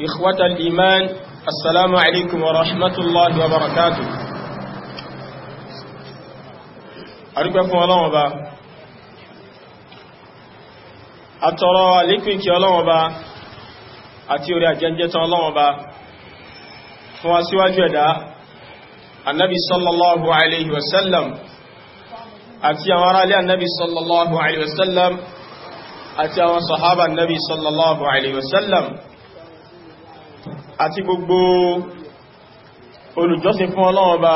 إخوة الإيمان السلام عليكم ورحمة الله وبركاته أرجوكم الله وبا أترى عليكم كي الله وبا أتيوري أجنجة الله وبا فواسوا جدا النبي صلى الله عليه وسلم أتي أمر النبي صلى الله عليه وسلم أتي أمر صحابة النبي صلى الله عليه وسلم àti gbogbo olùjọ́sìn fún Ọlọ́run Ọba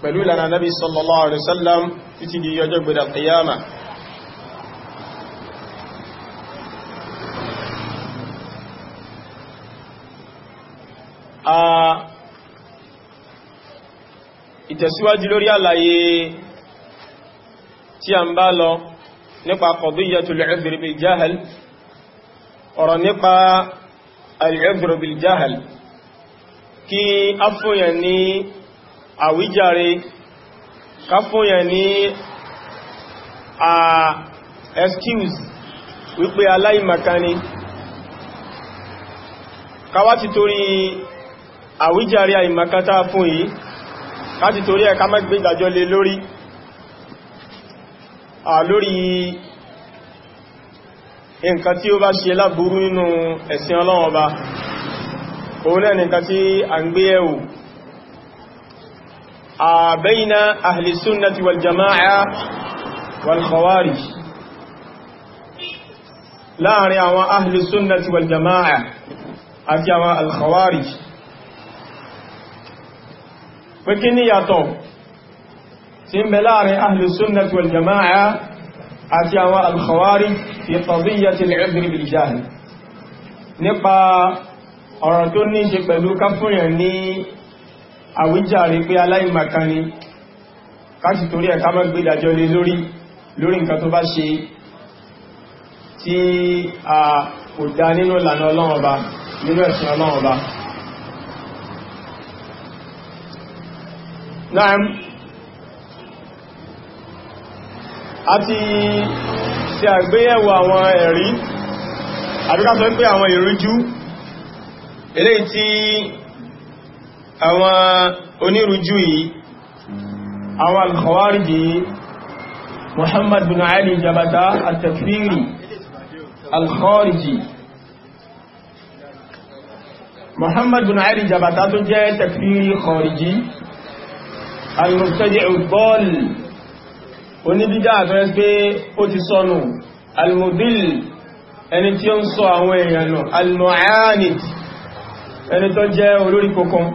pẹ̀lú ìlànà Nabi sallallahu alaihi wasallam títí di ọjọ́ gbẹ̀dà kìyàmà ìtẹ̀síwájú lórí àlàyé tí a ń bá lọ nípa qadiyatul 'udhr bil jahl ọ̀rọ̀ nípa al-ibru bil jahl kí a fúnyàn ní àwíjàre ká fúnyàn ní a excuse wípé aláìmakani káwá ti torí àwíjàre àìmakátá fún yìí ká ti torí ẹ̀ ká má gbé ìdájọ́ lé lórí lórí nǹkan tí ó bá ṣe láburú nínú ẹ̀sìn Ọlọ́run Ọba òun náà nǹkan tí a ń gbé ẹ̀wò àbẹ́yìnà ahli sunnati wal jama'a wal khawarij láàrin àwọn ahli sunnati wal àti àwọn al khawarij pé tí ń bẹ láàrin ahli sunnati wal àti àwọn alkhawari fi tọ̀bíyà ti lẹ́gbẹ̀rẹ̀ bil jahl nípa ọ̀rọ̀ tó ní ṣe pẹ̀lú káfúnyàn ní àwíjàre pé aláìmàkani káàkì torí ẹ̀ká mọ́ gbé ìdájọ́ lé lórí lórí nǹkan tó bá ṣe tí a kò dá nínú ìlànà Ọlọ́run nínú ẹ̀sìn Ọlọ́run a ti ṣe àgbéyẹ̀wò àwọn ẹ̀rí àbíká sọ pé àwọn ìrújú eléyìí tí àwọn onírújú yìí àwọn al-Khawarij Muhammad bin Ali Jabata at-Takfiri al bin Ali Jabata tó jẹ́ Takfiri Khariji al oníbídá àtọ́rẹ́ pé ó ti sọnù almobil ẹni tí ó ń sọ àwọn èèyàn nù almohanit ẹni tó jẹ́ olórí kọkan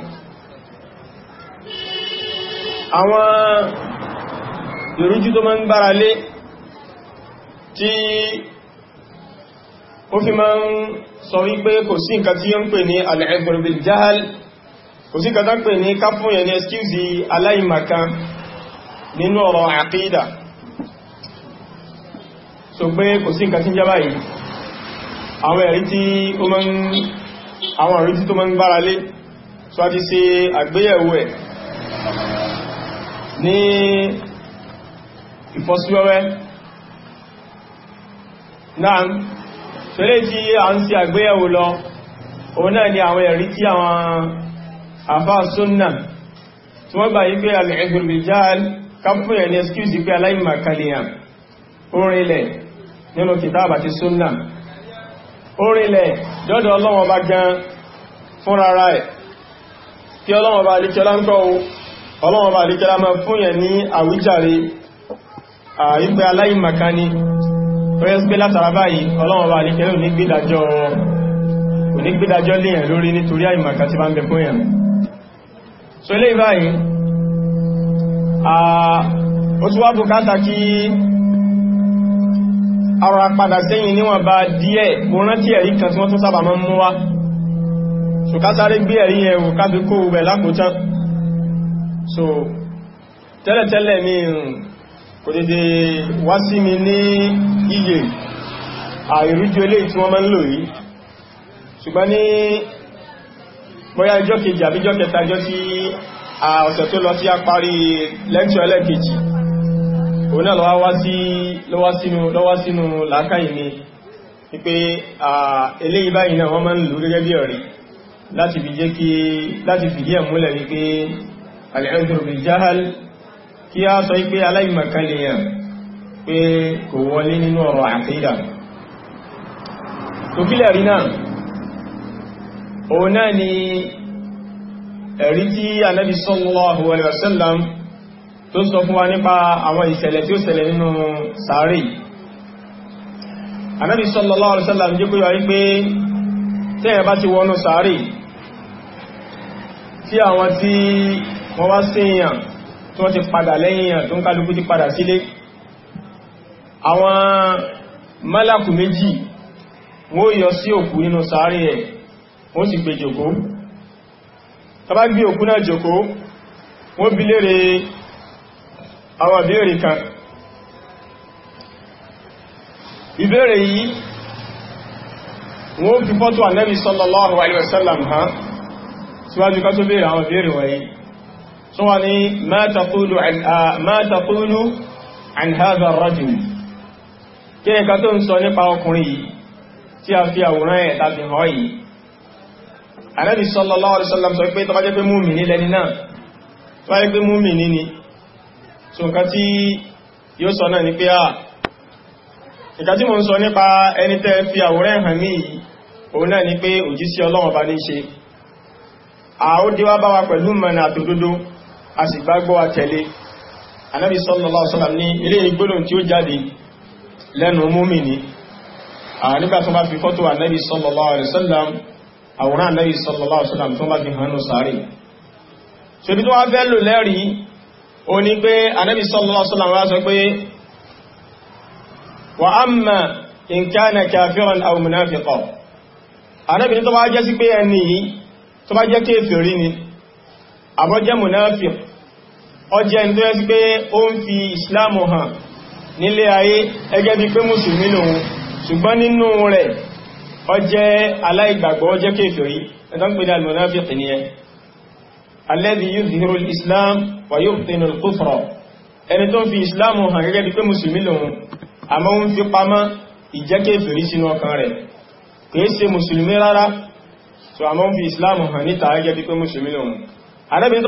àwọn ìrújú tó máa ń gbára lé tí ó fi máa ń sọ wípé kò sí nǹkan tí ó ń pè ní alẹ́gbẹ̀rẹ̀ jahal kò sí nǹkan tán pè ní káfún yẹn ní nínú ọ̀rọ̀ àkídà so pé kò sí nǹkan tí ń jẹ́ báyìí àwọn ẹ̀rí tí ó mọ́ àwọn ẹ̀rí tí tó mọ́ ń bára lé so a ti ṣe àgbéyẹ̀wò ẹ̀ ní ìfọ́síwẹ́wẹ́ náà tẹ́lẹ̀ tí a ń ṣe àgbéyẹ̀wò lọ òun náà ni àwọn ẹ̀rí tí àwọn àfáà súnnà tí wọ́n gbà yí pé al-'ilmu bil kápùn yẹn ni excuse pé aláìmàkàlìyàn orinlẹ̀ nínú kìtàbà ti súnnà orinlẹ̀ dọ́dọ̀ ọlọ́wọ́n bá gan fúnrara ẹ̀ kí ọlọ́wọ́n bá alikẹ́lá ń kọ́ ọlọ́wọ́n bá alikẹ́lá máa fún yẹn ní àwíjàre àìgbẹ́ aláìmàkání rẹ́sí pé látara lórí nítorí bá ń ó tún wá bùkátà kí ara padà sẹ́yìn níwọ̀n bá díẹ̀ mo rántí ẹ̀rí kan tí wọ́n tún sábà máa mú wá so ká sáré gbé ẹ̀rí yẹn wò kó rẹ̀ lákòótán so tẹ́lẹ̀tẹ́lẹ̀ mi kò dédé wá sí mi ní iye àìrújú eléyìí tí wọ́n máa ń lò yìí ṣùgbọ́n ọ̀sẹ̀ tó lọ sí àparí lẹ́kṣọ́ ẹlẹ́kejì òun náà lọ́wá sínú làákàyè mi wípé eléyìí báyìí náà wọ́n máa ń lò gẹ́gẹ́ bí ọ̀rí láti fi jẹ́ kí láti fi díẹ̀ múlẹ̀ wípé al ẹ̀rí tí Ànábì sallallahu alaihi tó sọ fún wa nípa àwọn ìṣẹ̀lẹ̀ tí ó ṣẹlẹ̀ nínú sàárè Ànábì sallallahu alaihi wasallam jẹ́ kó yọ wípé tí ẹ̀ bá ti wọnú sàárè tí àwọn tí wọ́n wá sí èèyàn tí wọ́n ti padà lẹ́yìn èèyàn tó ń kálukú ti padà sílé àwọn málàkù méjì wọ́n yọ sí òkú nínú sàárè ẹ̀ wọ́n sì gbèjòkó tàbá gbé òkú náà jòkó wọ́n bí lèrè àwọn ìbéèrè kan ìbéèrè yìí wọ́n fi fọ́tò Ànábì sallallahu alaihi wasallam ha síwájú ká tó béèrè àwọn ìbéèrè wọ̀nyí tó wà ní ma taqulu an hadha ar-rajul kí ẹ̀ka tó ń sọ nípa ọkùnrin yìí tí a Ànábì sallallahu alaihi wasallam sọ pé tó bá jẹ́ pé mùmínì lẹni náà tó bá jẹ́ pé mùmínì ni so nǹkan tí yóò sọ náà ni pé à ah, nǹkan tí mo ń sọ nípa ẹni tẹ́ fi àwòrán hàn mí yìí òun náà ni pé òjíṣẹ́ Ọlọ́run bá ní ṣe àó díwá bá wa pẹ̀lú mọ̀nà àtòdodo a sì gbàgbọ́ àtẹ̀lé Ànábì sallallahu alaihi ní ilé ìgbóhùn àwòrán Ànábì sallallahu alaihi wasallam tó bá fi hànú sàárì ṣebí tó wá fẹ́ lò lẹ́rìí o ní pé Ànábì sallallahu alaihi wasallam wá sọ pé wa amma in kana kafiran aw munafiqan Ànábì tó bá jẹ́ sí pé ẹni yìí tó ṣùgbọ́n nínú rẹ̀ ó jẹ́ aláìgbàgbọ́ ó jẹ́ kéfèrí ẹ̀dọ́gbèrè alìmọ̀náfíkì ni ẹ alẹ́bí yuzhiru islam wà yubtinu al-kufra ẹni tó ń fi islam hàn gẹ́gẹ́ bí pé musulmi lòun àmọ́ ń fi pamọ́ ìjẹ́ kéfèrí sínú ọkàn rẹ̀ kìí ṣe musulmi rárá so àmọ́ ń fi islam hàn níta gẹ́gẹ́ bí pé musulmi lòun arẹ́bí tó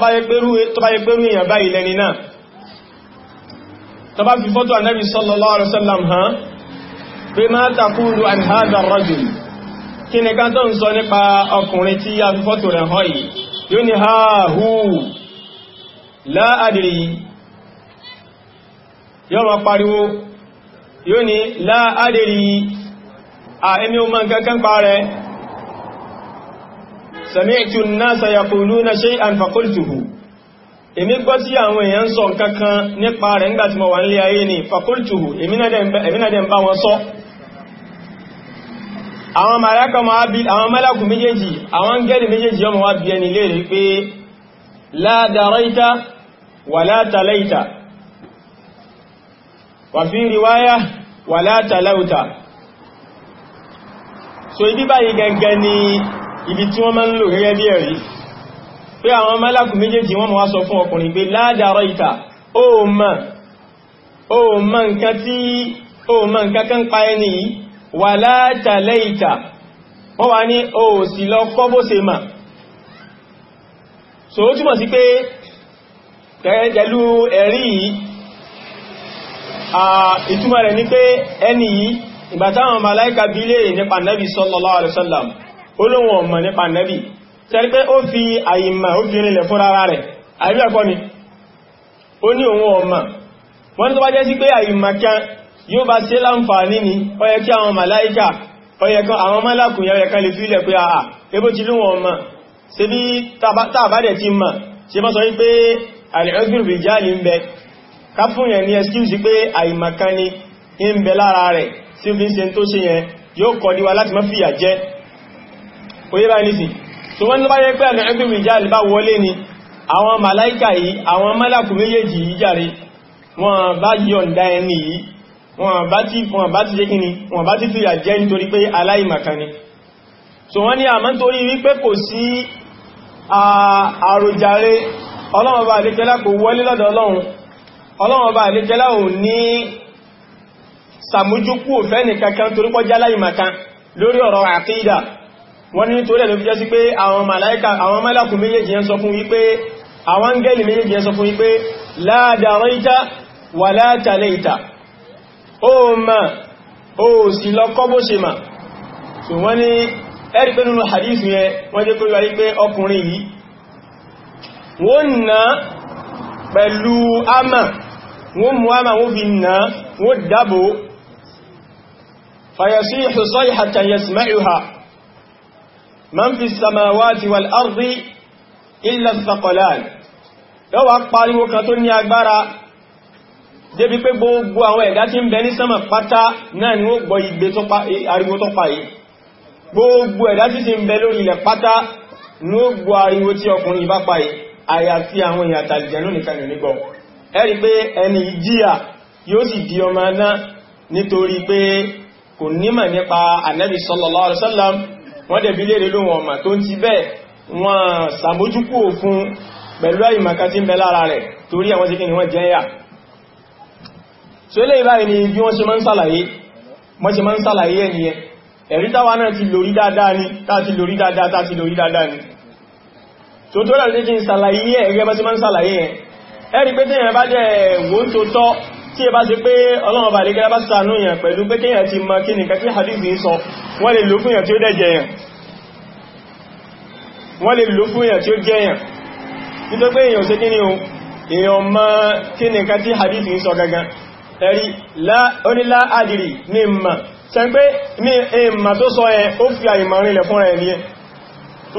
bá an hadha rajul kí ni ká tó ń sọ nípa ọkùnrin tí a fi fọ́tò rẹ̀ hàn yìí yóò ní ha hù láàdìrí yóò ma pariwo yóò ní láàdìrí a emi o ma n kankan pa rẹ̀ sami'tu an-nasa yaquluna shay'an faqultuhu èmi gbọ́ tí àwọn èèyàn sọ nǹkankan nípa rẹ̀ nígbàtí mo wà nílé ayé ni faqultuhu èmi náà dẹ̀ ń bá wọn sọ àwọn màláíkà máa bí àwọn mẹ́lẹ́kù méjèèjì àwọn gẹ́rì méjèèjì yọ máa bí ẹni léèrè pé la daraita wala talaita wà fi riwaya wala talauta so ibi báyìí gẹ́gẹ́ ni ibi tí wọ́n máa ń lò gẹ́gẹ́ bí ẹ̀rí pé àwọn mẹ́lẹ́kù méjèèjì wọ́n máa sọ fún ọkùnrin pé la daraita ó mọ̀ nǹkan tí ó mọ̀ nǹkan kan pa ẹni yìí wà látàlẹ́ ìkà wọ́n wá ní o sì lọ kọ́ bó ṣe mà so ó túmọ̀ sí pé pẹ̀lú ẹ̀rí yìí ìtumọ̀ rẹ̀ ní pé ẹni yìí ìgbà táwọn bí lè nípa nẹ́bì sallallahu alaihi wasallam olóhun ọmọ nípa nẹ́bì tẹ́rí pé ó fi àyìmà ó fi rinlẹ̀ fún rárá rẹ̀ àríwẹ̀kọ́ ni ó ní òun ọmọ wọ́n tó bá jẹ́ sí pé yóò bá ṣe láǹfààní ni ó yẹ kí àwọn màláíkà ó yẹ kan àwọn mọ́lákùn yẹ kan lè fílẹ̀ pé àà ebó ti lúwọ̀n ọmọ ṣe bí tàbádẹ̀ ti mọ̀ ṣe mọ́ sọ wípé àrẹ̀ẹ́gbìrì jáàlì ń bẹ káfún yẹn ní ẹskíùsì pé àìmàkání ń bẹ lára rẹ̀ sí fi ń ṣe tó ṣe yẹn yóò kọ̀ díwa wọ́n bá yẹ pé àrẹ̀ẹ́gbìrì ẹni yìí wọn bá ti wọn bá ti jẹ́ kí ni wọn bá ti fìyà jẹ́ nítorí pé aláìmọ̀kan ni so wọ́n ní àmọ́ nítorí wípé kò sí àròjàre ọlọ́wọ́n bá àdékẹ́lá kò wọlé lọ́dọ̀ ọlọ́run ọlọ́wọ́n bá àdékẹ́lá ò ní sàmójúkú òfẹ́ nìkankan torí pọ́ jẹ́ aláìmọ̀kan lórí ọ̀rọ̀ àkídà wọ́n la daraita wala ó ma ó sì lọ kọ́ bó ṣe ma so wọ́n ní ẹ̀rí pé nínú hadithu yẹn wọ́n jẹ́ pé wáyé pé ọkùnrin yìí wọ́n na pẹ̀lú ama wọ́n mú ama wọ́n fi na wọ́n dábò fàyẹ̀sí ìṣòsọ́ ìhàtàn yasma'uha man débi pé gbogbo àwọn ẹ̀dá tí ń bẹ ní sánmà pátá náà ni ó gbọ́ igbe eh, ariwo tó pa yìí gbogbo ẹ̀dá tí ti ń bẹ lórí ilẹ̀ pátá ni ó gbọ́ ariwo tí ọkùnrin bá pa yìí àyàfi àwọn èèyàn àtàlìjẹ̀nú nìkan nìgbọ́ ẹ̀rí pé ẹni ìjíyà yóò sì di ọmọ náà nítorí pé kò nímọ̀ nípa ànábì sallallahu alaihi wasallam wọ́n dẹ̀bí léèrè ló wọn ọmọ tó ń ti bẹ́ẹ̀ wọ́n so ilé ìbáyìí ni bí wọ́n ṣe máa ń sàlàyé wọ́n ṣe máa sàlàyé ẹniyẹ ẹ̀rí táwa náà ti lórí dáadáa ni táti lórí dáadáa táti lórí dáadáa ni so tó rẹ̀ lékin sàlàyé ẹ̀rẹ́ bá ṣe máa ń sàlàyé ẹ̀ ẹ̀rí pé téèyàn bá dẹ̀ wò ń tó tọ́ tí ẹ bá ṣe pé ọlọ́run bá lè gẹ́gẹ́ bá sànú yẹn pẹ̀lú pé kéèyàn ti mọ kí nìkan tí hadith ń sọ wọ́n lè lò fún yẹn tí ó dẹ̀ jẹ yẹn wọ́n èèyàn ṣe kí ni o èèyàn mọ kí tí hadith ń sọ gangan ẹ̀rí onílá àdìrí ní ìmà ṣe pé ní ìmà tó sọ ẹ ó fi àìmà rìnlẹ̀ fún rẹ̀ ní ẹ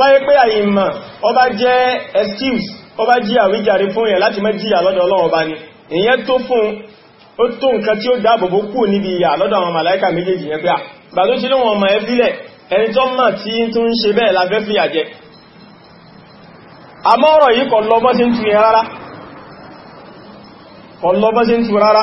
láyé pé àìmà ọba jẹ́ excuse ọba jí àwíjàre fún ẹ̀ láti mẹ́jìyà lọ́dọ̀ Ọlọ́run bá ní ìyẹn tó fún ó tó nǹkan tí ó dáàbòbò kú níbi ìyà lọ́dọ̀ àwọn màláíkà méjèèjì yẹn pé à bà tó ṣe lóhun ọmọ ẹ fílẹ̀ ẹni tó mà tí tó ń ṣe bẹ́ẹ̀ láfẹ́ fìyà jẹ àmọ́ ọ̀rọ̀ yìí kọ̀ lọ bọ́ sí ń tu rárá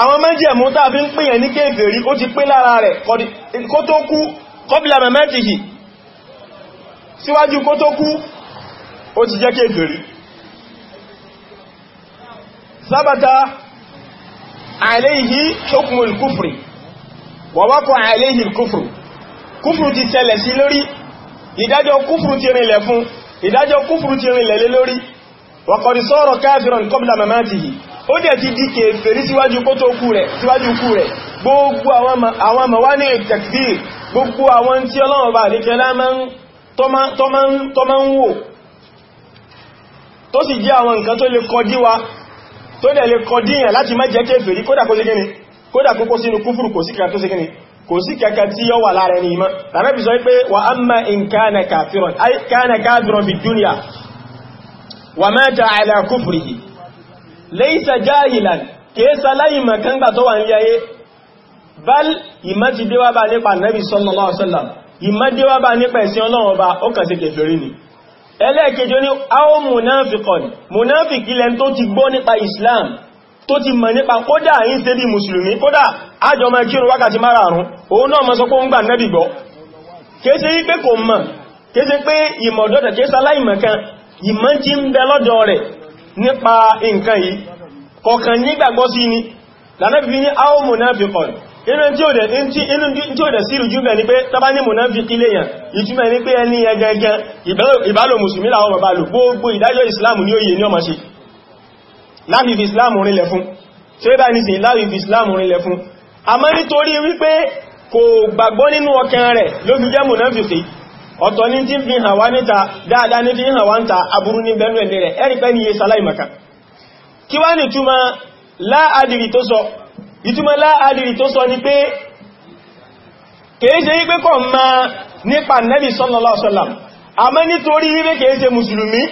àwọn májẹ̀mú tàbí ń pèyàn ní kéèfèrí ó ti pé lára rẹ̀ kó tó kú kọbílà mẹ́mẹ́tìhì síwájú kó tó kú ó ti jẹ́ kéèfèrí sábàtà àìléhì ṣókùnmùl kúfùrì wọ̀wọ́kọ̀ àìléhì kúfùrù kúfùrù ti tẹ̀lẹ̀ sí lórí ìdájọ́ kúfùrù ti rinlẹ̀ fún ìdájọ́ kúfùrù ti rinlẹ̀ lé lórí wọ̀kọ̀dì sọ́rọ̀ káàfìràn kọbílà mẹ́mẹ́tìhì ó dẹ̀ ti di kèfèrí síwájú kó tó kú rẹ̀ síwájú kú rẹ̀ gbogbo àwọn mọ̀wá ní ìtẹ̀kìdì gbogbo àwọn tí ọlọ́run bá ní kẹlá tó máa ń wò tó sì jẹ́ àwọn nǹkan tó lè kọdí wa tó dẹ̀ lè kọdí yàn láti má jẹ́ kèfèrí kódà kó sí kíni kódà kó kó sínú kúfùrù kò sí kàkà tó sí kíni kò sí kàkà tí yọ wà lára ẹni ìmọ̀ tàbí sọ pé wà á ma in kánà kàfíràn bí dúnìyà wà mẹ́ta àlà laysa jahilan kéèsà láyìn mọ̀kángbà tó wà ní ayé bal ìmá ti déwà bá nípa nabi sallallahu alaihi wasallam ìmá déwà bá nípa ẹ̀sìn ọlọ́run ọba ó kà sí kèfèrí ni ẹlẹ́ẹ̀kejì ní àwọn munafiqon munafiki lẹ́n tó ti gbọ́ nípa islam tó ti mọ̀ nípa kódà yìí ṣe bí mùsùlùmí kódà ájọ mọ̀ kírun wákàtí márààrún òun náà mọ̀ sọ pé ó ń gbà nẹ́bì gbọ́ kéèsè yí pé kò mọ̀ kéèsè pé ìmọ̀ dọ́dọ̀ kéèsà láìmọ̀ kan ìmọ̀ ti ń bẹ lọ́dọ̀ rẹ̀ nípa nǹkan yìí kọ̀kan nígbàgbọ́ sí ni lànàbí ní àwọn munafiqun inú tí ó dẹ̀ sí ìrújú bẹ̀ ni pé tọ́bá ní munafiki léyàn ìtumẹ̀ ní pé ẹni ẹgẹgẹ ìbálò mùsùlùmí làwọn bàbá lò gbogbo ìdájọ́ ìsìláàmù ní òye ní ọmọ ṣe láti fi ìsìláàmù rinlẹ̀ fún ṣe bá ní sí láti fi ìsìláàmù rinlẹ̀ fún àmọ́ nítorí wípé kò gbàgbọ́ ọ̀tọ̀ ní tí ń fi hàn wá níta dáadáa ní fi hàn wá níta aburú ní bẹ̀rù ẹ̀mí rẹ̀ ẹ̀rì pẹ́ ni yé saláìmọ̀ká kí wá ní túmọ̀ láàdìrí tó sọ ìtúmọ̀ láàdìrí tó sọ ni pé kèése wípé kọ̀ ma nípa nẹ́bì sallallahu alaihi wasallam àmọ́ nítorí wípé kèése mùsùlùmí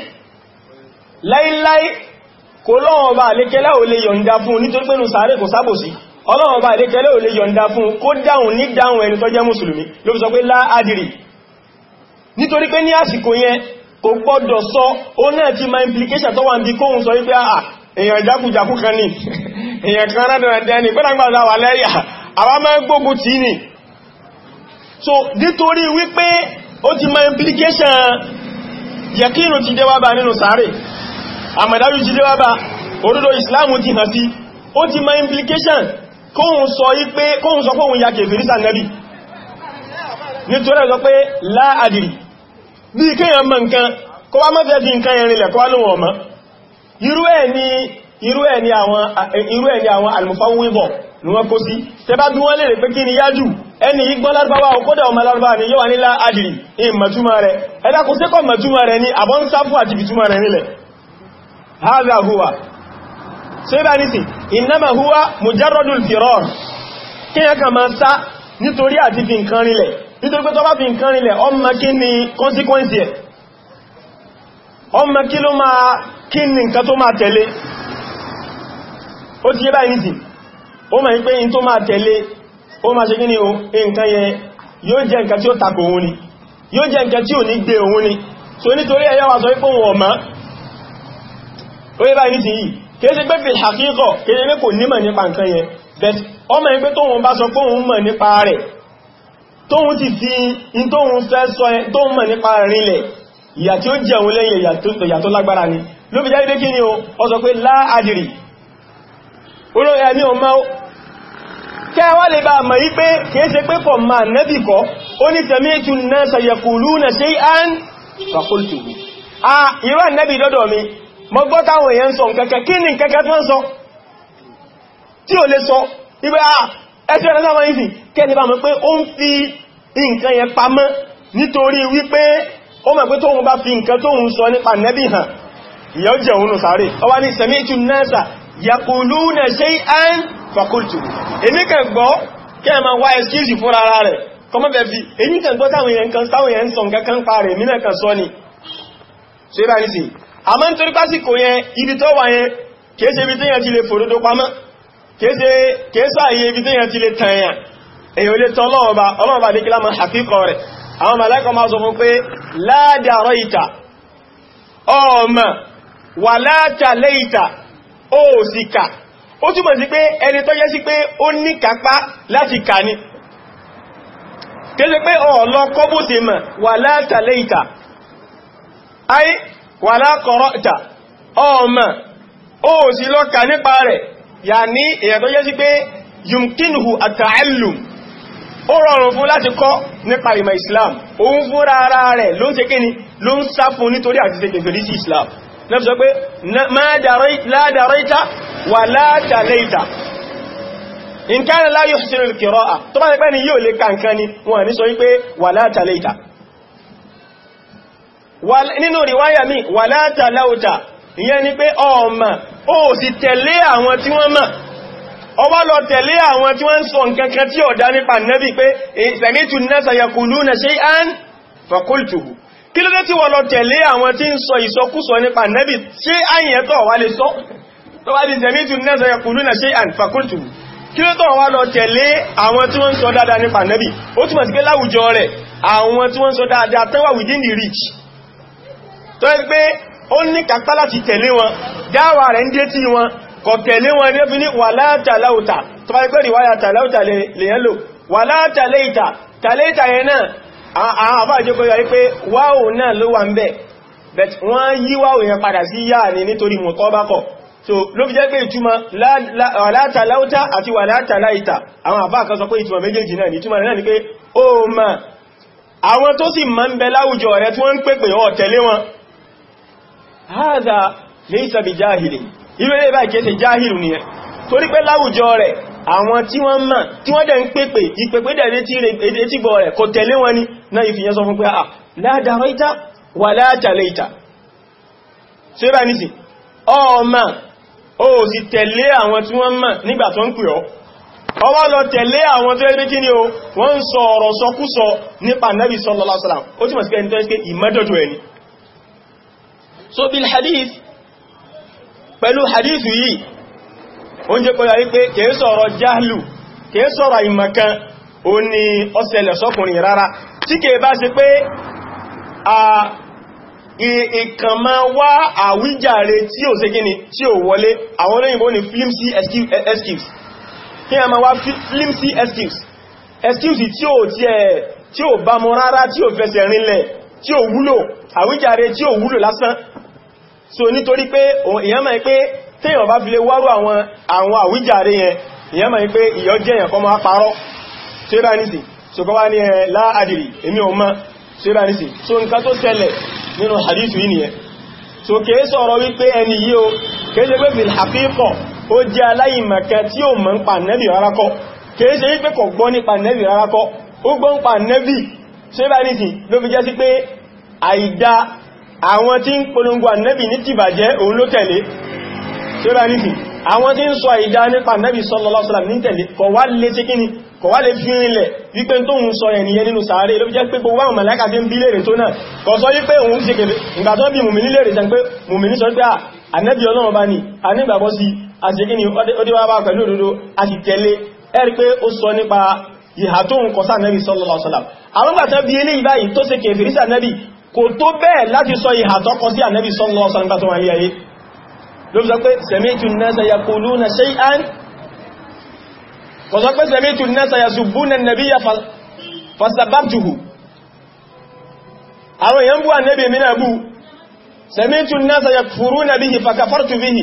láíláí kò lọ́wọ́ bá àlékẹ́lẹ́ ò lè yọ̀ǹda fún nítorí pé nù sàárè kò sábòsí ọlọ́wọ́ bá àlékẹ́lẹ́ ò lè yọ̀ǹda fún kó dáhùn ní dáhùn ẹni tó jẹ́ ló fi sọ pé láàdìrí nítorí pé ní àsìkò yẹn kò gbọ́dọ̀ sọ ó náà ti ma implication tó wà ní kóhun sọ wípé àà ah, ah, èèyàn jákùjákù kan ní èèyàn kan rádọ̀rẹ̀dẹ́ ní pẹ́lágbàdà wà lẹ́yà àwọn máa gbógun tì ní so nítorí wípé ó ti ma implication yẹkínù ti dé wábà nínú sáré àmàdájú ti dé wábà òdodo ìsìláàmù ti hàn sí ó ti ma implication kóhun sọ wípé kóhun sọ pé nítorí ẹ̀sọ pé láàdìrì bí kéèyàn mọ̀ nǹkan kó wá mọ́fẹ́ fi nǹkan ẹ̀rin lẹ̀ kó wá lóhun ọmọ irú ẹ̀ ni irú ẹ̀ ni àwọn almufawwidọ̀ ni wọ́n kó sí tẹbá bí wọ́n lè rẹ̀ pé kí ni yájú ẹni igbọ́n lárúbáwá kódà ọmọ lárúbáwá ni yíwa nílá adìrí in mọ̀túnmà rẹ̀ ẹ̀dá kò rẹ̀ ni àbọ́n sáfù àti bìtúnmà rẹ̀ nílẹ̀ haza huwa ṣe bá ní sí innama huwa mujarradul firar kí yẹn kà nítorí pé tó bá fi nǹkan rinlẹ̀ ọmọ kí ni consequence ẹ̀ ọmọ kí ló máa kí ni nǹkan tó máa tẹ̀lé ó ti yé báyìí nìsìn ó máa ń pé in tó máa tẹ̀lé ó máa ṣe kí ni o nǹkan yẹn yóò jẹ́ nǹkan tí ó tako òun ni yóò jẹ́ nǹkan tí ò ní gbé òun ni so nítorí ẹ̀yọ́ wa sọ wípé òun ọ̀mọ́ ó yé báyìí nìsìn yìí kìí ṣe pé fi ṣàkíkọ̀ kìí ṣe pé kò nímọ̀ nípa nǹkan yẹn but ọmọ ẹgbẹ́ tóun bá sọ pé òun mọ̀ nípa rẹ̀ tóhun ti fi in tóhun fẹ́ sọ ẹ tóhun mọ̀ nípa rinlẹ̀ ìyà tí ó jẹ lẹ́yìn ìyà tó lágbára ni ló fi jáde kí ni o ọ sọ pé láàdìrì olóòrẹ̀ ẹni ọmọ kẹwàá lè bá mọ̀ yí pé kìí ṣe pé kọ̀ máa nẹ́bì kọ́ ó ní tẹ̀mí ètù náà sàyẹ̀kùlú na ṣe án ẹ̀sìn ẹ̀rẹ́ sáwọn ìsìn kẹ́lẹ̀ bá mọ̀ pé ó ń fi nǹkan yẹn pamọ́ nítorí wípé ó mọ̀ pé tóhun bá fi nǹkan tóhun sọ nípa nẹ́bì hàn ìyọ́ jẹ́ òun sáré ọwá ní sẹ̀mítù nẹ́sà yàkùlú nẹ̀ ṣe án fàkúltù èmi kẹgbọ́ kẹ́ ma wá ẹ̀ṣíṣì fún ara rẹ̀ kọmọ́ bẹ̀ fi èmi kẹgbọ́ táwọn èèyàn kan táwọn èèyàn sọ nǹkan kan pa rẹ̀ èmi náà kan sọ ni ṣe bá ní sí àmọ́ nítorí pásìkò yẹn ibi tó wà yẹn kìí ṣe ibi tí yẹn ti lè fòdodo kéèsà iye ibi tíyàn ti lè tàyàn èyàn lè tán lọ́wọ́ba ọlọ́wọ́ba ní kílámà àfíkọ rẹ̀ àwọn mẹ́lẹ́kọ̀ máa sọ fún pé láàdàrọ̀ ìta ọmọ wà látàlẹ́ ìta ó sì kà ó túnmọ̀ sí pé ẹni tó yẹ́ sí pé ó ní kápá láti kà ní kéèsè pé ọ̀lọ́ kọ́bùtì mọ̀ wà látàlẹ́ ìta ayé wà lákọ̀rọ̀ ìta ọmọ ó sì lọ kà nípa rẹ̀ yàní èyàn tó yẹ́ sí pé yumkinuhu at-ta'allum ó rọrùn fún láti kọ́ nípa ìmọ̀ islam òun fúnra ara rẹ̀ ló ń ṣe kíni ló ń sá fún nítorí àti ṣe kèfèrí sí islam náà sọ pé la daraita wa la talaita in kana la yuhsinu al tó bá pẹ́ ni yóò lè kankan ni wọ́n ní sọ wípé wa la talaita nínú riwaya mi wa la ìyẹn ni pé ọmọ ó sì tẹ̀lé àwọn tí wọ́n mọ̀ ó wá lọ tẹ̀lé àwọn tí wọ́n ń sọ nǹkan kan tí ọ̀dá nípa nẹ́bí pé ìsẹ̀mítù nẹ́sà yẹkùlú na ṣe án fọkúltùhù kí ló tí wọ́n lọ tẹ̀lé àwọn tí ń sọ ìsọkúsọ nípa nẹ́bí ṣe áyẹ̀tọ̀ wà lè sọ án fọkúltùhù tọ́ wá lọ sọ dáadáa nípa nẹ́bí ó túnmọ̀ sí within the reach tó ó ní kàpá láti tẹ̀lé wọn dáwà rẹ̀ ń dé tí wọn kọ̀ tẹ̀lé wọn ní fi ní wà látàláùtà tó bá ikọ́ ìwáyà tàláùtà lèyàn lò wà látàléìtà tàléìtà yẹn náà àwọn àbá ìjókòó yọ wípé wáwò náà ló wà ń bẹ̀ so ló fi jẹ́ pé ìtumọ̀ látàláùtà àti wà látàláìtà àwọn àbá kan sọ pé ìtumọ̀ méjèèjì ni pé ó mà àwọn tó sì máa ń bẹ láwùjọ rẹ̀ tí wọ́n ń pèpè ọ̀ wọn hadha laysa bi jahili irú ilé báyìí kéèsè jáhìlù ni ẹ torí pé láwùjọ rẹ̀ àwọn tí wọ́n mọ̀ tí wọ́n dẹ̀ ń pèpè ìpèpè dẹ̀ etígbọ̀ rẹ̀ kò tẹ̀lé wọn ni náà ìfìyàn sọ fún pé à ah, ládàrọ ìta wà látàlẹ̀ ìta ṣe bá nìsìn ọmọ ó sì tẹ̀lé àwọn tí wọ́n mọ̀ nígbà tó ń pè ọ́ ọwọ́ lọ tẹ̀lé àwọn tó ẹgbẹ́ kí ni o wọ́n ń sọ ọ̀rọ̀ sọkúsọ nípa nẹ́bì sallallahu alaihi wasallam ó túnmọ̀ sí pé ẹni tó ẹ́ so bil hadith pẹ̀lú hadith yìí o ń jẹ́ pẹ̀lú wípé kìí sọ̀rọ̀ jahlu kìí sọ̀rọ̀ ìmọ̀kan o ní ọsẹlẹ̀ sọ́kùnrin rárá tí kìí bá ṣe pé a ìkàn máa wá àwíjàre tí ò ṣe gíní tí ò wọlé àwọn olóyìnbó ní flimsy excuse kí a máa wá flimsy excuse excuse tí ò tiẹ̀ tí ò bá mọ́ rárá tí ò fẹsẹ̀ rinlẹ̀ tí ò wúlò àwíjàre tí ò wúlò lásán so nítorí pé èyàn máa pé téèyàn bá fi lè wárú àwọn àwọn àwíjàre yẹn èyàn máa pé ìyọ́ jẹ́ èyàn kan máa parọ́ tí ó bá nìsì so kọ́ wá ní ẹ eh, láàdìrí èmi ò mọ̀ so nǹkan tó ṣẹlẹ̀ nínú hadithu yìí nìyẹn so kèé sọ̀rọ̀ wípé ẹni yìí o kèé ṣe pé fil haqiqa ó jẹ́ aláìmọ̀kẹ́ tí ó mọ̀ ń pa nẹ́bì rárá kọ́ kèé ṣe wípé àìdá àwọn tí ń polongo ànẹ́bì ní tìbàjẹ́ òun ló tẹ̀lé tí ó rá nìtì àwọn tí ń sọ ìdá nípa ànẹ́bì sallallahu alaihi wasallam ní tẹ̀lé kọ̀ wá lè tí kíni kọ̀ wá lè fi rinlẹ̀ wípé tó ń sọ ẹ̀nìyàn nínú sàárè a sì tẹ̀lé ẹ̀rí pé ó sọ nípa ìhà tó ń kọ sáà nẹ́bì sallallahu alaihi wasallam àwọn gbàtọ́ bí eléyìí báyìí tó ṣe kèfèrí kò tó bẹ́ẹ̀ láti sọ ìhà tọ́kọ sí ànẹ́bì sallallahu alaihi wasallam tó wà ní ayé ló fi sọ pé sami'tu an-nasa yaquluna shay'an kò sọ pé sami'tu an-nasa yasubbuna an-nabiyya fasabbatuhu àwọn èèyàn bú ànẹ́bì mìíràn bú sami'tu an-nasa yakfuruna bihi fakafartu bihi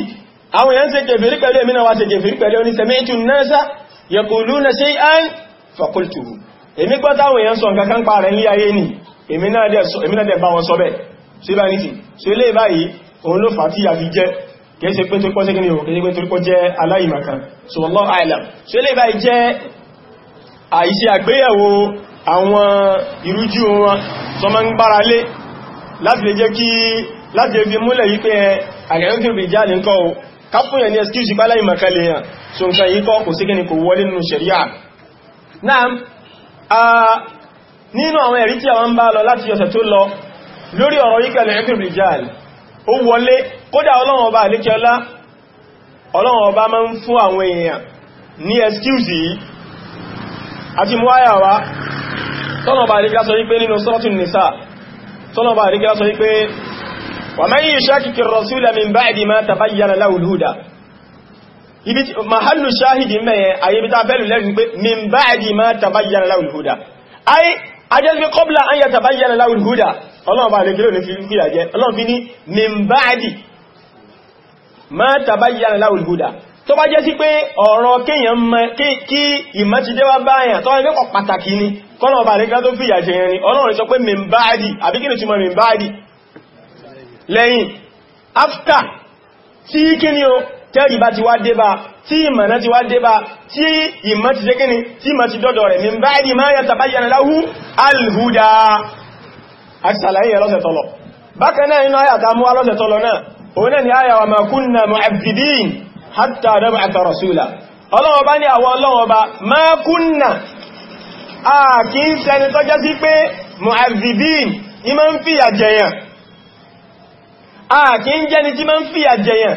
àwọn èèyàn ṣe kèfèrí pẹ̀lú èmi náà wá ṣe kèfèrí an-nasa yaquluna shay'an faqultuhu èmi gbọ́ táwọn èèyàn sọ ni èmi náà dẹ̀ bá wọn sọ bẹ́ẹ̀ sí bá nìsí so ilé báyìí òun ló fà tí a fi jẹ́ kẹsẹ̀ pé torípọ́ sí so wallahu a'lam so ilé báyìí jẹ́ àìṣe àgbéyẹ̀wò àwọn ìrújú wọn tó máa ń gbára lé láti lè jẹ́ kí láti lè fi múlẹ̀ yí pé àgẹ̀rẹ́kìrì jáde nǹkan yàn so nǹkan yí kọ́ kò sí kí ni kò wọlé nínú ṣẹ̀ríà náà nínú àwọn ẹ̀rí tí àwọn ń bá lọ láti ọ̀sẹ̀ tó lọ lórí ọ̀rọ̀ yíkẹ̀lẹ̀ ẹ̀kùnrin ríjáàlì ó wọlé kódà ọlọ́run ọba àlékẹ́ọlá ọlọ́run ọba máa ń fún àwọn èèyàn ní ẹ̀skúsì yìí àti mú àyà wá tọ́nà ọba àlékẹ́lá sọ wípé nínú sọ́tún nìsà tọ́nà ọba àlékẹ́lá sọ wípé wà mẹ́yìn ìṣákìkì rọ̀súlà min báyìí máa tàbáyàna láwùlúdà ibi mahallu shahidi mẹ́yẹn ayébítà bẹ́lù lẹ́rin pé min báyìí máa tàbáyàna láwùlúdà ajẹ́ fi kọ́bla an yà tàbá yà láwùn húdà ọlọ́ọ̀bá alẹ́kìlò ní fi fíyà jẹ́ ọlọ́ọ̀fí ní mìmbáàdì ma tàbá yà láwùn húdà tó bá jẹ́ sí pé ọ̀rọ̀ kíyàn mẹ́ kí ìmọ̀ ti jẹ́ wá báyàn tó wáyé pẹ́kọ̀ pàtàkì ni kọ́lọ̀ọ̀bá alẹ́kìlò tó after tí kí tẹ́rì bá ti wá débá tí ìmọ̀ná ti wá débá tí ìmọ̀ ti ṣe kíni tí ìmọ̀ ti dọ́dọ̀ rẹ̀ min ba'di ma yatabayyana lahu al-huda àti sàlàyé lọ́sẹ̀ tọ́lọ̀ bákan náà inú àyàtà mú alọ́sẹ̀ tọ́lọ̀ náà òun náà ni àyà wa ma kunna mu'abbidin hatta nab'atha rasula ọlọ́wọ́ bá ní àwọn ọlọ́wọ́ bá ma kunna a kì í ń jẹni tí ma ń fìyà jẹyàn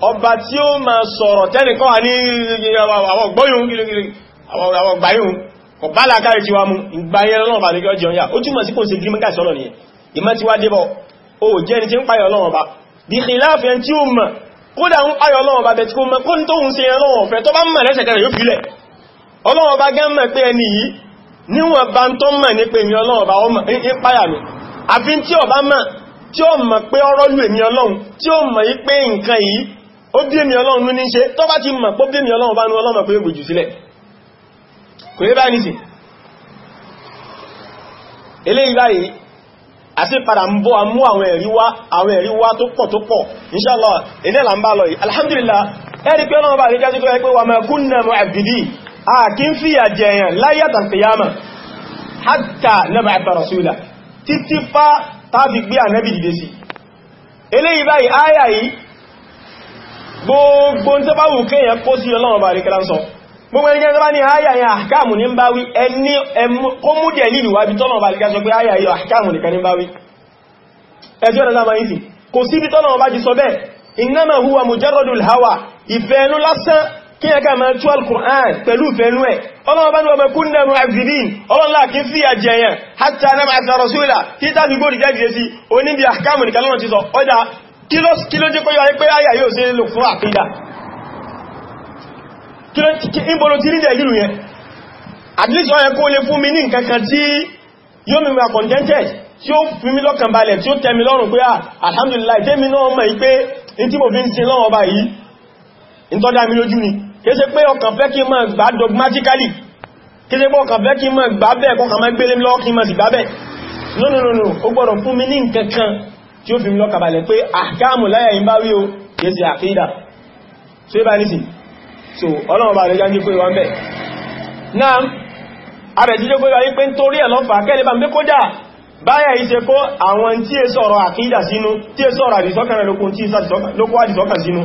ọba tí ó ma sọ̀rọ̀ tẹ́nìkọ́ ní àwọ̀gbáyún ọ̀bá làkàrí tí wá mú ìgbáyẹn lọ́wọ́ bá lẹ́gbẹ́ ọjọ́ ya ó túnmọ̀ sí kò sí gírímẹ́kà sọ́lọ̀ nìyẹn ìmọ̀ tí wá débọ̀ ó jẹ́ ní tí ń páyọ̀ lọ́wọ́ bá bí kìláàfẹ́ tí ó mọ̀ kódà ń páyọ̀ lọ́wọ́ bá bẹ̀ tí kó mọ̀ kó ń tó ń ṣe lọ́wọ́ fẹ́ tó bá mọ̀ lẹ́sẹ̀kẹrẹ yóò filẹ̀ ọlọ́wọ́ bá gẹ́ mọ̀ pé ẹni yìí níwọ̀n bá ń tó nǹkan yìí ó bí èmì ọlọ́run ní ṣe tó bá ti mọ̀ pó bí èmì ọlọ́run bá ní ọlọ́run pé gbòjù sílẹ̀ kò yé báyìí sí eléyìí báyìí àti padà ń bọ́ amú àwọn ẹ̀rí wá tó pọ̀ tó pọ̀ inshallah ilẹ̀ là ń bá lọ yìí alhamdulillah ẹ̀rí pé ọlọ́run bá rí jẹ́ síkọ́ ẹgbẹ́ wa ma hatta nab'atha rasula títí fá tàbí gbé ànẹ́bì dìde sí eléyìí gbogbo tó bá wù kéèyàn kó sí ọlọ́run bá ríkẹ́lá ń sọ gbogbo ẹgbẹ́ tó bá ní àyà yẹn àkáàmù ní bá wí ẹni kó mú dẹ̀ nílùú wábi tọ́lọ̀run bá ríkẹ́ sọ pé àyà yẹn àkáàmù nìkan ní bá wí ẹjọ́ ọ̀nà sáàmà yìí kò sí bí tọ́lọ̀run bá ti sọ bẹ́ẹ̀ innama huwa mujarradul hawa ìfẹ́ ẹnu lásán kí ẹka ma tú al-Qur'an pẹ̀lú ìfẹ́nú ẹ̀ ọlọ́wọ́ bá ní ọmọ kún náà mu'azzibin ọlọ́lá kí sí àjẹyàn hatta náà àti rasúlà títà dùgbò rí jẹ́ jẹ́ sí oníbi ahkamu nìkan lọ́nà ti sọ ọjà kí ló jẹ́ kó yọ ayé pé àyà yóò ṣe lò fún àkídà ìbòrò tí rí dẹ̀gìlù yẹn at least ọ̀yẹ́ kó lè fún mi ní nǹkankan tí yóò mímọ̀ contented tí ó fi mí lọ́kàn balẹ̀ tí ó tẹ́mi lọ́rùn pé ah, alhamdulillah tẹ́mi náà mọ̀ ìpé in tí mo fi ń sin lọ́wọ́ bá yìí in tọ́dá mi lójú dogmatically kéèṣe pé ọkàn fẹ́ kí mọ̀ gbá bẹ́ẹ̀ kọkàn mọ́ gbélé lọ́kàn no no no no ó gbọ́dọ̀ fún tí ó fi mi lọ́kàbalẹ̀ pé àkáàmù láyà yìí bá wí o kìí sí àkídà tí ó bá ní sí so ọlọ́run bá rẹ̀ jájú pé wọ́n bẹ̀ náà abẹ̀tíjọ́ pé wáyé pé ń torí ẹ̀lọ́fà kẹ́lẹ̀bà ń pé kódà báyà ìṣe kó àwọn tí è sọ̀rọ̀ àkídà sínú tí è sọ̀rọ̀ àdìsọ́kànrẹ̀ lókun tí lókó àdìsọ́kàn sínú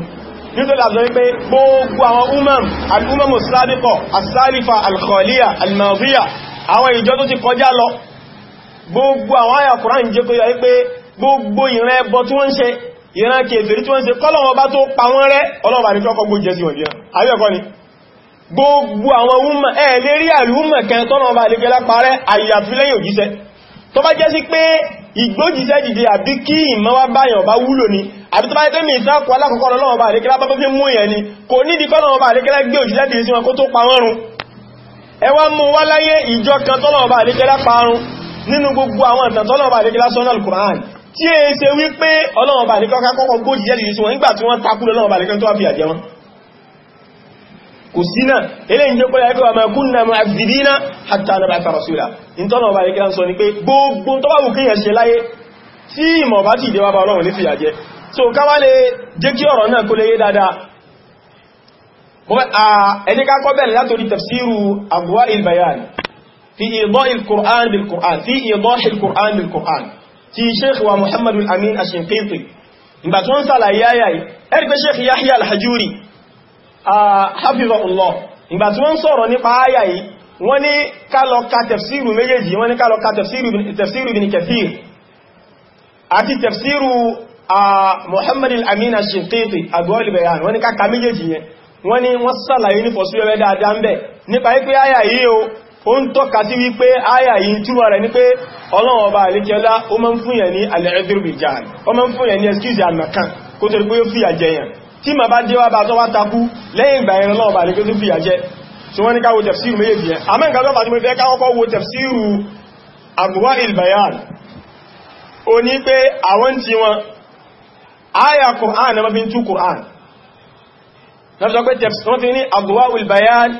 nítorí àzọ́ wípé gbogbo àwọn umam al-umamu sábíkọ̀ asárífà al gbogbo ìran ẹbọ tí wọ́n ń ṣe ìran kèfèrí tí wọ́n ń ṣe kọ́lọ̀wọ́ bá tó pa wọ́n rẹ́ ọlọ́wà ní kọ́kọ́ gbó jẹsí wọ̀n dìran àríọ̀kọ́ ni gbogbo àwọn wúmọ̀ ẹ̀ lérí àríwúmọ̀ kan tọ́lọ̀wọ́ bá lè gẹ́lá parẹ́ àyàfi lẹ́yìn òjíṣẹ́ tó bá jẹ́ sí pé ìgbójíṣẹ́ dìde àbí kí ìmọ̀ wá báyàn bá wúlò ni àbí tó bá jẹ́ mi ìsáàkù alákọ̀ọ́kọ́ lọ́wọ́ bá àríkẹ́lá bá tó fi mú ìyẹn ni kò nídìí kọ́lọ̀wọ́ bá àríkẹ́lá gbé òjíṣẹ́ dìde sí wọn kó tó pa wọ́n run ẹwà mú wá láyé ìjọ kan tọ́lọ̀wọ́ bá àríkẹ́lá parun nínú gbogbo àwọn ìtàn tọ́lọ̀wọ́ àríkẹ́lá sọ́nà al tí è ṣe wípé ọlọ́run bà nìkan kọ́kọ́ gbójì jẹ́ ìrísí wọn nígbà tí wọ́n takú lọ́run bà nìkan tó wà fi àjẹ́ wọn kò sí náà ilé ìjẹ́ pẹ́lẹ̀ ẹgbẹ́ ọmọ ẹkùn náà mọ́ àfìdínà àtàrà bá fàrasúlà ìtọ́nà ọba ìkẹ́lá sọ ní pé gbogbo tó bá wù kíyàn ṣe so káwà lè jẹ́ kí ọ̀rọ̀ náà kó lè yé dáadáa ẹni ká kọ́ bẹ̀rẹ̀ látorí tafsiru Adwa'il Bayan quran bil-Qur'an fi idahi al-Qur'an bil-Qur'an ti sheikh wa muhammadu amin ashinqiti ìgbà tó ń sàlàyé ayayi ẹgbẹ́ sheikh yahya alhajuri a hafizahullah ìgbà tó ń sọ̀rọ̀ nípa ayayi wọ́n ní kálọ ka tafsiru méjèèjì wọ́n ní kálọ ka tafsiru bin kathir àti tafsiru a muhammadu amin ashinqiti adwal bayan wọ́n ní ká ka méjèèjì yẹn wọ́n ní wọ́n sàlàyé ní fọ́síwẹ́wẹ́ dáadáa ń bẹ̀ nípa ipé ayayi o ó ń tọ́ka sí wípé áyà yìí túnmà rẹ̀ ní pé ọlọ́run ọba àríkẹ́lá ó mọ́ ń fúnyẹ̀ ní alẹ́rẹ́dìrìbìjáàrì ó mọ́ ń fúnyẹ̀ ní ẹskíìsì àmàkan kó tó rí pé ó fìyà jẹyàn tí ma bá dé wá bá tọ́ wá takú lẹ́yìn ìgbà ẹran náà bá ní pé tó fìyà jẹ tí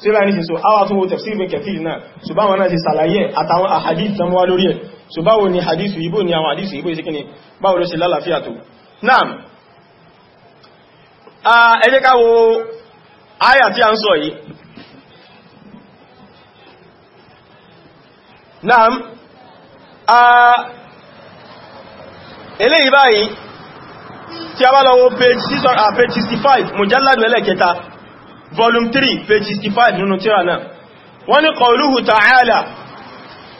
tí bá ní ṣe so awa tún wo tafsir bin kafir náà so bá wọn náà ṣe sàlàyé àtàwọn àhadith tán wá lórí ẹ̀ so báwo ni hadithu ibo ni àwọn hadithu ibo ìsìnkí ṣe lálàáfíà tó a ẹ jẹ́ ká wo àyà a ń sọ yìí naam a eléyìí báyìí tí a bá lọ wo page volume 3 page 65 nínú tírà náà wọ́n ní qawluhu ta'ala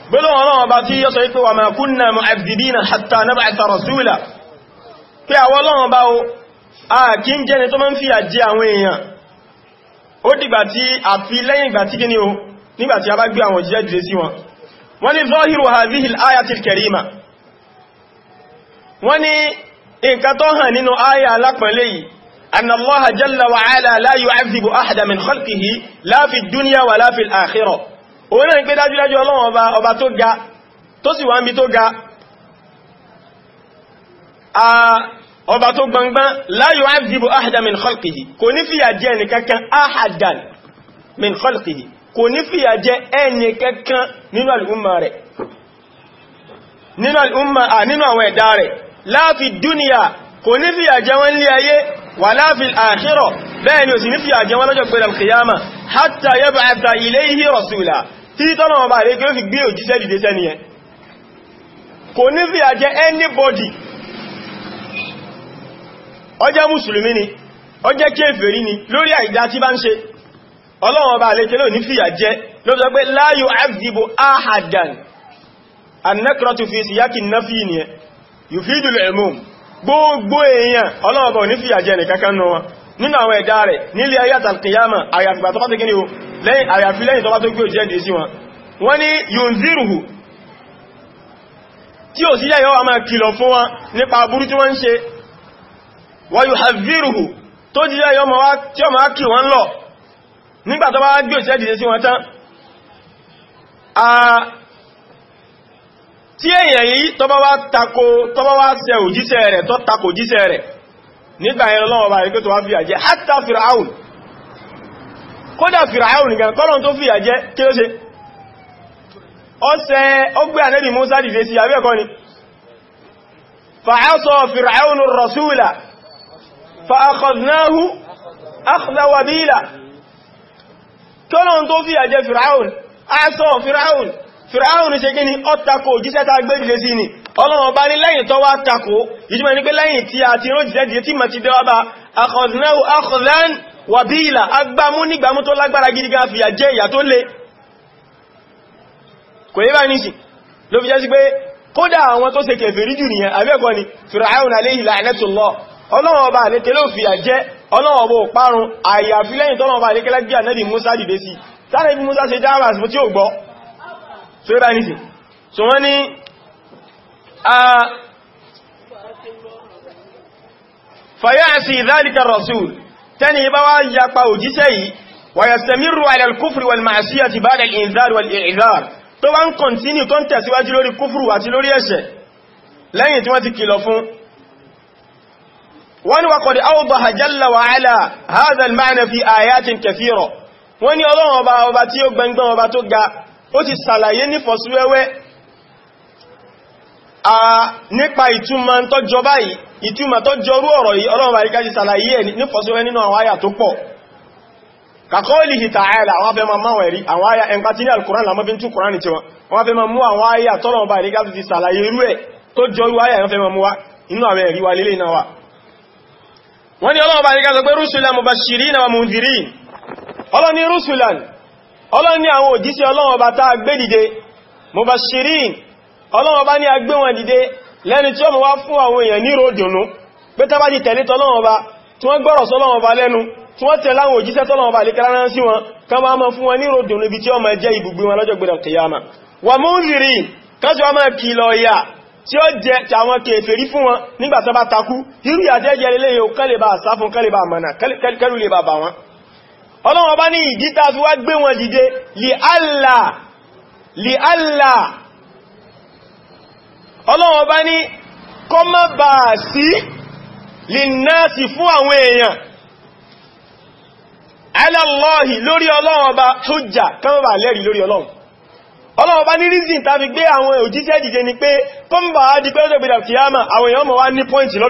gbọ́lọ́wọ́ ọlọ́wọ́ bá tí yọ́ sọ wípé wa ma kunna mu'adhibina hatta nab'atha rasula pé àwọn ọlọ́wọ́ bá o a kí ń jẹ́ni tó máa ń fi àjẹ́ àwọn èèyàn ó dìgbà tí أن الله جل وعلا لا يعذب أحد من خلقه لا في الدنيا ولا في الآخرة òun náà ń pé dájúdájú ọlọ́run ọba ọba tó ga tó sì wá ń bí tó ga ọba tó gbangban لا يعذب أحد من خلقه kò ní fìyà jẹ ẹnìkankan أحدا من خلقه kò ní fìyà jẹ ẹnìkankan nínú al'umma rẹ̀ nínú àwọn ẹ̀dá rẹ̀ لا في الدنيا kò ní fi àjẹ wọn lé ayé wala fil akhirah bẹ́ẹ̀ ni ò sì ní fi àjẹ wọn lọ́jọ́ pẹ̀lú alkiyama hatta yab'atha ilayhi rasula tí tọ́lọ̀wọ̀n bá rí kí ó fi gbé òjíṣẹ́ dìde anybody ọjẹ́ mùsùlùmí ni ọjẹ́ kéfèrí ni lórí àìdá tí bá ń ṣe ọlọ́wọ̀n bá lè tẹ́lò ní fìyà jẹ ló sọ pé la gbogbo èèyàn ọlọ́ọ̀bọ̀ ní fìyà jẹ nìkankan nù wọn nínú àwọn ẹ̀dá rẹ̀ nílé ayé àyàfìgbà tó bá ní o lẹ́yìn àyàfi lẹ́yìn tó bá tó jẹ́ òjì sí wọn wọ́n ní yunziruhu tí ò tí sí tí èyàn yìí tó bá wá tako tó bá wá ṣe òjíṣẹ́ rẹ̀ tó tako jíṣẹ́ rẹ̀ nígbà yẹn lọ́wọ́ bá rí pé tó wá fìyà jẹ́ hátà fìràáùn kódà fìràáùn nìkan kọ́lọ̀n tó fìyà jẹ́ kí ló ṣe ọ́sẹ̀ ọgbẹ́ ànẹ́bì Musa dìde sí àwẹ́ ẹ̀kọ́ ni fa'asọ fìràáùn fìràáhùn ní ṣe kí ni ọ takò òjíṣẹ́ ta gbé ìdílé sí ni ọlọ́run bá ní lẹ́yìn tó wá takò ìjímọ̀ ní pé lẹ́yìn tí a ti rójìṣẹ́ díẹ̀ tí ma ti dẹ́wà bá akọ̀dínláwò akọ̀dán wàbíìlà agbámú nígbàmú tó gidi gan fìyà jẹ ìyà tó le kò yí bá ní sí ló fi ni fìràáhùn aléyìí la'natullah ọlọ́run ọba àlékẹ́ ló fìyà jẹ ọlọ́run ọba òparun àyàfi lẹ́yìn tọ́lọ́run ọba àlékẹ́ lágbíà nẹ́bì Musa dìde sí Musa ṣe dáhàbà sí tí so yíra ní sí so wọ́n ní a fayáàsì dhalika rasul tẹ́ni bá wá yapa òjíṣẹ́ yìí wà yastamiru ala al-kufri wal ma'siyati ba'da al-inzar wal i'zar tó wá ń àti lórí ẹ̀ṣẹ̀ lẹ́yìn tí wọ́n ti kìlọ̀ wa ala hadha al fi ayatin kathira wọ́n ni ọlọ́run ọba tí ó gbẹngbẹn ọba tó ga ó ti sàlàyé ní fọ̀síwẹ́wẹ́ a nípa ìtumọ̀ tó jọ báyìí ìtumọ̀ tó jọrú ọ̀rọ̀ yìí ọlọ́run bá ríká ti sàlàyé ẹ̀ ní fọ̀síwẹ́ nínú àwọn àyà tó pọ̀ kàkọ́ọ̀lìhì tààlà àwọn afẹ́ máa máa ẹ̀rí àwọn àyà ẹnkà tí ní alkùnrán lámọ́ bí n tú kùnrán tí wọn wọ́n fẹ́ ni ọlọ́run ọlọ́ni rúsùlán ọlọ́run ni àwọn òjíṣẹ́ ọlọ́run ọba tá a gbé dìde mubashirin ọlọ́run ọba ní a gbé wọn dìde lẹ́ni tí ó mọ̀ wá fún àwọn èèyàn ní ròdùnú pé tá bá ti tẹ̀lé tọ́lọ́run ọba tí wọ́n gbọ́rọ̀ sọ́lọ́run ọba lẹ́nu tí wọ́n tẹ̀lé àwọn òjíṣẹ́ tọ́lọ́run ọba lékẹ́lá rán sí wọn kan máa mọ́ fún wọn ní ròdùnú ibi tí ó máa jẹ́ ibùgbé wọn lọ́jọ́ gbẹ̀rẹ̀ kìyàmà wà múnzìrì kájọ máa kìlọ̀ ìyà tí ó jẹ tàwọn kèfèrí fún wọn ọlọ́run ọba ní ìdítà fi wá gbé wọn dìde li Allah li Allah ọlọ́run ọba ní kọ́ má bà sí lè náà sí fún àwọn èèyàn ala Allahi lórí ọlọ́run ọba hujja kọ́ má bà lẹ́rìí lórí ọlọ́run ọlọ́run ọba ní reason tá fi gbé àwọn òjíṣẹ́ dìde ni pé kọ́ má bà di pé ọjọ́ ìgbèdà kìyàmà àwọn èèyàn ní pọ́ìntì ẹ̀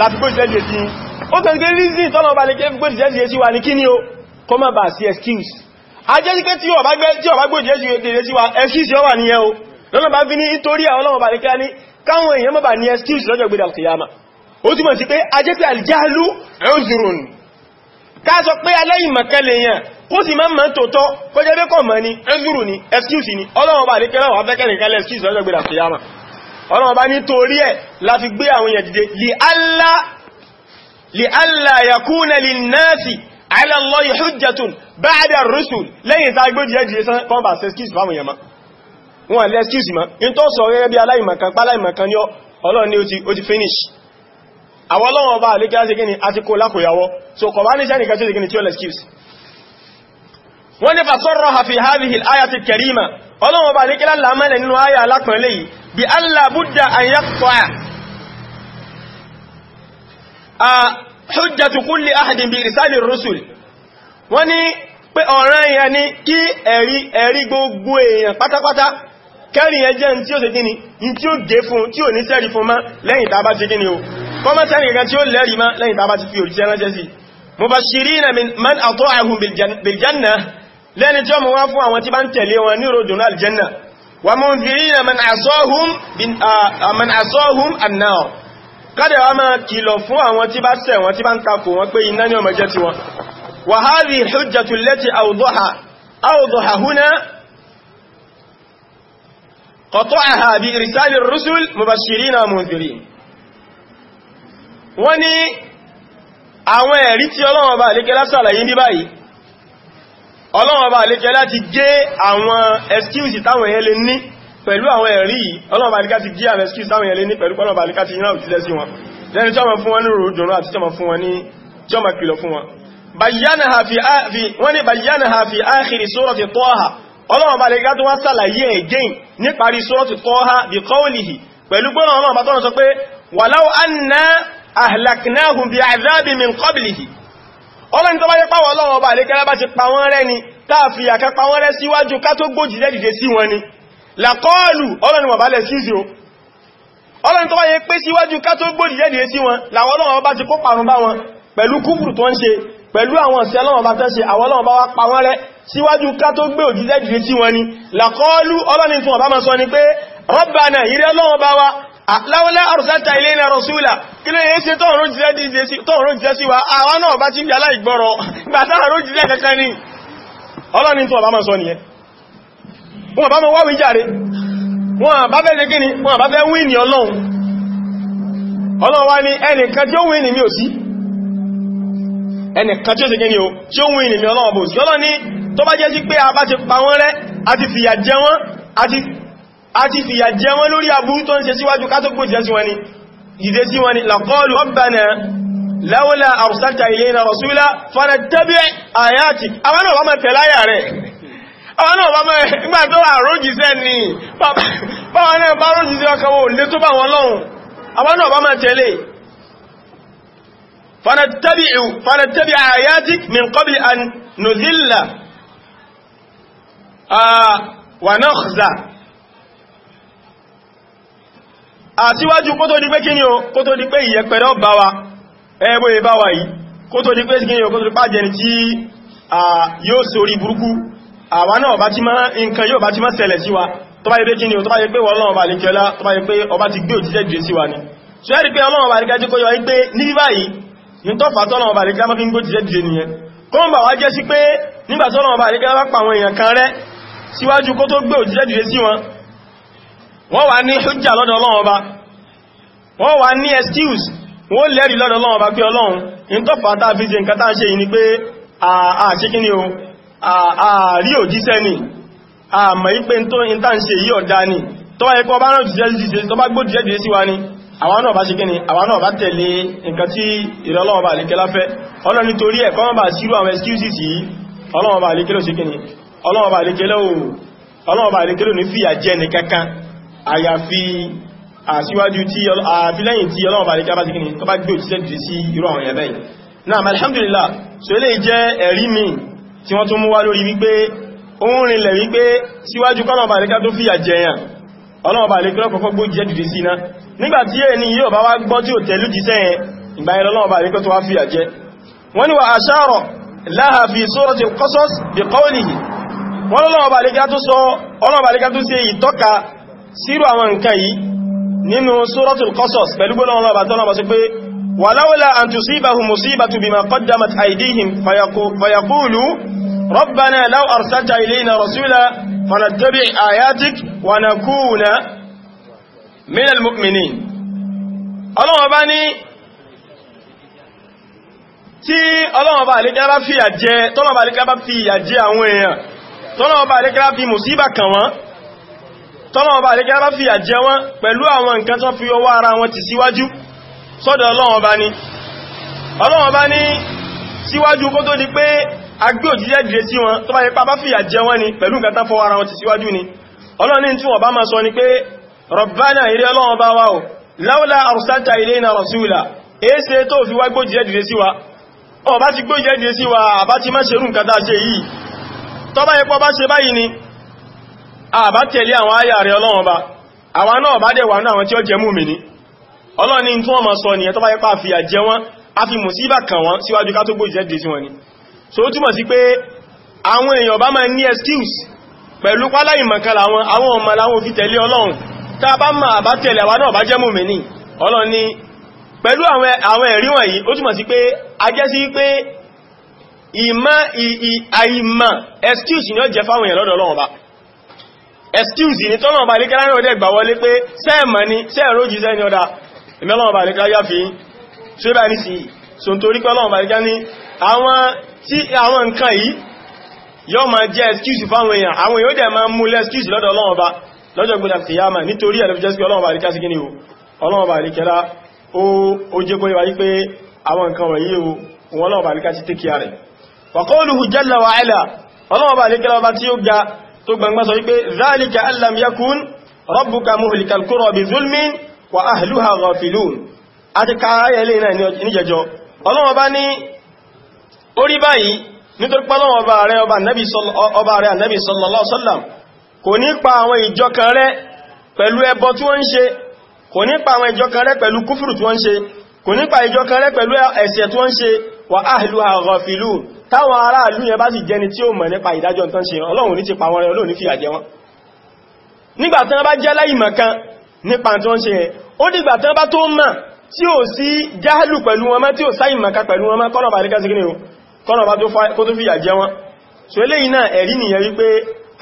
láti gbójíṣẹ́ dìde ó kẹ́ gbé reason tọ́nà ọba lè gbé ìjẹ́sìyẹ sí wa ní kí ni ó kọ́ mọ́ bà sí excuse ajẹ́ sí pé tí ọba gbé tí ọba gbé sí wa excuse yọ wà ní ẹ o lọ́nà bá fi ní nítorí àwọn ọlọ́wọ́ bà ní kí a ní káwọn èèyàn mọ́ bà ní excuse lọ́jọ́ gbé dàkìyàmà ó túnmọ̀ sí pé ajẹ́ pé àlìjáàlú ẹ̀ọ́zùrùn ká sọ pé aláìmọ̀kẹ́lẹ̀ yẹn kó sì máa mọ̀ tòótọ́ kó jẹ́ bẹ́kọ̀ mọ̀ ní ẹ̀zùrù ní excuse ni ọlọ́wọ́ bà excuse lọ́jọ́ gbé dàkìyàmà ọlọ́wọ́ bá ní torí ẹ̀ la fi gbé àwọn èèyàn dìde li Allah لئلا يكون للناس على الله حجة بعد الرسل lẹ́yìn tá gbé díẹ̀ díẹ̀ sán kọ́nbà sẹ́skìsì fáwọn èèyàn ma wọ́n lẹ́ skìsì ma in tó sọ rẹ̀ bí aláìmọ̀kan páláìmọ̀kan ní ọlọ́run ní ó ti finish àwọn ọlọ́run ọba àlékẹ́ láti gíní àti kó lákòyàwó so kọ̀bá ní sẹ́nì kẹjọ́ gíní tí ó lẹ́ skìsì wọ́n ní fàṣọ́rọ̀ hafi hujjatu kulli ahadin bi irsali rusul wọ́n ní pé ọ̀ràn yẹn ni kí ẹ̀rí ẹ̀rí gbogbo èèyàn pátápátá kẹ́rin yẹn tí ó ṣe gíní tí ó gé fún tí ò ní sẹ́rí fún má lẹ́yìn tàbá ti gíní o kọmọ́sẹ́rin kan tí ó lẹ́rí má lẹ́yìn tàbá ti fi òrìṣẹ́ ránṣẹ́ sí mubashirina man ata'ahum bil janna lẹ́ni tí ó mú wá fún àwọn tí bá ń tẹ̀lé wọn ní ròdùn aljanna wa munzirina man asahum bin man asahum an kádẹ̀ wá máa kìlọ̀ fún àwọn tí bá ṣẹ̀ wọn tí bá ń takò wọn pé iná ní ọmọ jẹ́ ti wọn wa hadhihi al-hujjatu allati awdaha awdaha huna qata'aha bi irsali ar Ọlọ́run bá lékẹ́ láti gé àwọn excuse táwọn ẹ̀lẹ́ ní pẹ̀lú àwọn ẹ̀rí ọlọ́ọ̀bá ní ká ti gíà rẹ̀ skis láwọn ẹ̀lẹ́ ní pẹ̀lú ọlọ́ọ̀bá ní ká ti yínà òtílẹ̀ sí wọn lẹ́ni tí ọmọ fún wọn ní ròdùnrún àti tí ọmọ fún wọn ní tí ọmọ kìlọ̀ fún wọn wọ́n ni bayyana ha fi áàkiri sórọ̀tì tọ́ha ọlọ́ọ̀bá ní ká tó wá sàlàyé ẹ̀gẹ́n ní parí sórọ̀tì tọ́ha bí kọ́ọ̀lìhì pẹ̀lú gbọ́nà ọlọ́ọ̀bá tó sọ pé wàláwọ́ anna ahlaknahum bi wọ́n rẹ́ síwájú ká tó gbójì lẹ́dìde sí wọn ni làkọ́ọ̀lù ọlọ́ni wà bálẹ̀ sízi o ọlọ́ni tó wáyé pé síwájú ká tó gbòdì yẹ́ sí wọn làwọn ọlọ́wọ́ bá ti kó parun bá wọn pẹ̀lú kúfùrù tó ń ṣe pẹ̀lú àwọn ìṣẹ́ ọlọ́wọ́ bá tẹ́ ṣe àwọn ọlọ́wọ́ bá wá pa wọ́n rẹ́ síwájú ká tó gbé òjíṣẹ́ dìde sí wọn ni làkọ́ọ̀lù ọlọ́ni fún ọba máa sọ ni pé rọ́bànà ìrẹ́ ọlọ́wọ́ bá wa láwọ́lá àrùsátà ilé ìrìnà rọ̀súlà kí ló yẹ́ sí tọ́ọ̀rọ̀ jíṣẹ́ sí wa àwọn náà bá ti ń bí aláìgbọ́rọ̀ gbàtà àrùjíṣẹ́ kankan ni ọlọ́ni tó ọba máa sọ nìyẹn wọ́n bá mọ́ wáwí jàre wọ́n bá fẹ́ ṣe kíni wọ́n bá fẹ́ wíìnì ọlọ́run ọlọ́run wá ní ẹnìkan tí ó wíìnì mi ò sí ẹnìkan tí ó ṣe kíni o tí ó wíìnì mi ọlọ́run bò sí ọlọ́run ní tó bá jẹ́ sí pé a bá ti pa wọ́n rẹ́ àti fìyà jẹ wọ́n àti fìyà jẹ wọ́n lórí aburú tó ń ṣe síwájú ká tó gbé ìdẹ́ sí wọn ni ìdẹ́ sí wọn ni laqalu rabbana lawla arsalta ilayna rasula fanattabi' ayatik àwọn náà wọ́n mọ̀ tẹ̀láyà rẹ̀ ọ̀nà ọ̀bá nígbà tó àrójìṣẹ́ ni báwọn náà bá rójìṣẹ́ ọkàwò lé tó bá wọn lọ́hùn àwọn ọ̀bá máa tẹ̀lé fanattabi ayatik min qabli an nuzilla wa nakhza àtíwájú kó tó di pé kíni o kó tó di pé ìyẹ̀pẹ̀rẹ̀ ọba wa ẹgbẹ́ ìbáwa yìí kó tó di pé kíni o kó tó di pàjẹni tí yóò sórí burúkú àwa náà ọba tí máa nǹkan yóò bá ti máa ṣẹlẹ̀ sí wa tó bá yẹ pé kí ni o tó bá yẹ pé wọ́n lọ́wọ́ bá lè kẹ́lá tó bá yẹ pé ọba ti gbé òjíṣẹ́ jù sí wa ni ṣe rí pé ọlọ́wọ́ bá rí kájú kó yọ pé ní báyìí ní tó wá ní excuse wọ́n lẹ́rìí lọ́dọ̀ ọlọ́wọ́ bá pé ọlọ́run ní tó fà tá a nǹkan tá a ṣe yìí ni pé àà ṣe ni o ààrí òjíṣẹ́ ni àmà ipé tó ń tàn ṣe yí ọ̀dá ni tó bá ẹkọ́ bá ránjìṣẹ́ tó bá gbójìṣẹ́ jìṣẹ́ sí wa ni àwọn náà bá ṣe kíni àwọn náà bá tẹ̀lé nǹkan tí ìrọlọ́wọ́ bá lékẹ́ láfẹ́ ọlọ́ni torí ẹ̀kọ́ wọn bá sírú àwọn excuses yìí ọlọ́wọ́ bá lékẹ́ ló ṣe kíni ọlọ́wọ́ bá lékẹ́ ló ní fìyà jẹ ní kankan àyàfi àṣíwájú tí àfilẹ́yìn tí ọlọ́wọ́ bá lékẹ́ bá ṣe kíni tó bá gbé tí wọ́n tún mú wá lórí wípé ó ń rinlẹ̀ wípé síwájú kọ́nà bàríká tó fìyà jẹyàn ọlọ́wọ́ bàrí pé ọkọ̀kọ́ gbó jẹ́ dìde sí iná nígbàtí èyí ni yíò bá wá gbọ́ tí ò tẹ̀lú jíṣẹ́ yẹn ìgbà yẹn lọ́wọ́ bàrí pé tó wá fìyà jẹ wọ́n ni wà àṣàrọ̀ láha fi sórọ̀tì kọ́sọ́s bí kọ́ọ̀lìyì wọ́n lọ́wọ́ bàrí ká tó sọ ọlọ́wọ́ bàrí ká tó ṣe ìtọ́ka sírò àwọn ولولا أن تصيبهم مصيبة بما قدمت أيديهم فيقولوا ربنا لو أرسلت إلينا رسولا فنتبع آياتك ونكون من المؤمنين ọlọ́wọ́ bá ní tí ọlọ́wọ́ bá àlékẹ́ bá fi àjẹ́ tọ́lọ́ bá àlékẹ́ bá fi àjẹ́ àwọn èèyàn tọ́lọ́ bá àlékẹ́ bá fi mùsíbà kàn wọ́n tọ́lọ́ àjẹ́ àwọn nǹkan tó sọ́dọ̀ ọlọ́wọ́n bá ní ọlọ́wọ́n bá ní síwájú kó tó di pé agbé òjíjẹ́ dìde sí wọn tó bá yẹ pápá fìyà jẹ wọ́n ni pẹ̀lú nǹkan tán fọwọ́ ara wọn ti síwájú ni ọlọ́wọ́n ní tí wa ọ bá ti gbójíjẹ́ dìde sí wa àbá ti má ṣerú nǹkan tá a ṣe yìí tó bá yẹ pọ́ bá ṣe báyìí ni àbá tẹ̀lé àwọn áyà rẹ̀ ọlọ́wọ́n bá àwọn náà bá dẹ̀ wà náà àwọn tí ó jẹ mú mi ni ọlọ́ni tí wọ́n ma sọ ni ẹ̀tọ́ bá yẹ́pá fi àjẹ́ wọn a fi mùsíbà kàn wọ́n síwájú ká tó gbò ìṣẹ́ dé sí wọn ni so ó túmọ̀ sí pé àwọn èèyàn bá ma ní excuse pẹ̀lú pálá ìmọ̀kànlá wọn àwọn ọmọ aláwọn fi tẹ̀lé ọlọ́run tá a bá ma àbá tẹ̀lé àwa náà bá jẹ́ mùmínì ọlọ́ni pẹ̀lú àwọn ẹ̀rí excuse ni ó jẹ́ fáwọn èèyàn lọ́dọ̀ ọlọ́run bá excuse ni tọ́nà ọba lékẹ́lá náà dẹ̀ gbà wọlé pé sẹ́ẹ̀mọ̀ ni sẹ́ẹ̀rọ jíṣẹ́ ni ọ̀dá ìmẹ́lọ́wọ́ bá nìkan yá fi ṣe bá ní sí so n torí pẹ́lọ́wọ́ bá nìkan ní àwọn tí àwọn nǹkan yìí yọ ma jẹ́ excuse fáwọn èèyàn àwọn èèyàn dẹ̀ ma mú lẹ́excuse lọ́dọ̀ ọlọ́wọ́ bá lọ́jọ́ gbọ́dọ̀ sí yá ma nítorí ẹ̀lẹ́fi jẹ́ sí ọlọ́wọ́ bá nìkan sí kí ni o ọlọ́wọ́ bá nìkan ó jẹ́ kó yíwa yí pé àwọn nǹkan wọ̀nyí o wọn lọ́wọ́ bá nìkan sí tẹ́kì rẹ̀ wàkọ́ọ̀lùhù jalla wa ala ọlọ́wọ́ bá nìkan wa ahluha ghafilun àti káàyẹ lè náà níjẹjọ ọlọ́wọ́ bá ní orí báyìí nítorí pọ́lọ́wọ́ ọba rẹ̀ ọba Ànábì sallallahu alaihi wasallam kò ní pa àwọn ìjọ kan rẹ̀ pẹ̀lú ẹbọ tí wọ́n ń ṣe kò ní pa àwọn ìjọ kan rẹ̀ pẹ̀lú kúfùrù tí wọ́n ń ṣe kò ní pa ìjọ kan rẹ̀ pẹ̀lú ẹ̀ṣẹ̀ tí nípa tí wọ́n ṣe yẹn ó dìgbà tán bá tó mọ̀ tí ó sí jáhálù pẹ̀lú wọn má tí ó sáì maka pẹ̀lú wọn má kọ́nà bá ní kásìkí ní o kọ́nà bá kó tó fìyà jẹ wọn so eléyìí náà ẹ̀rí nìyẹn wípé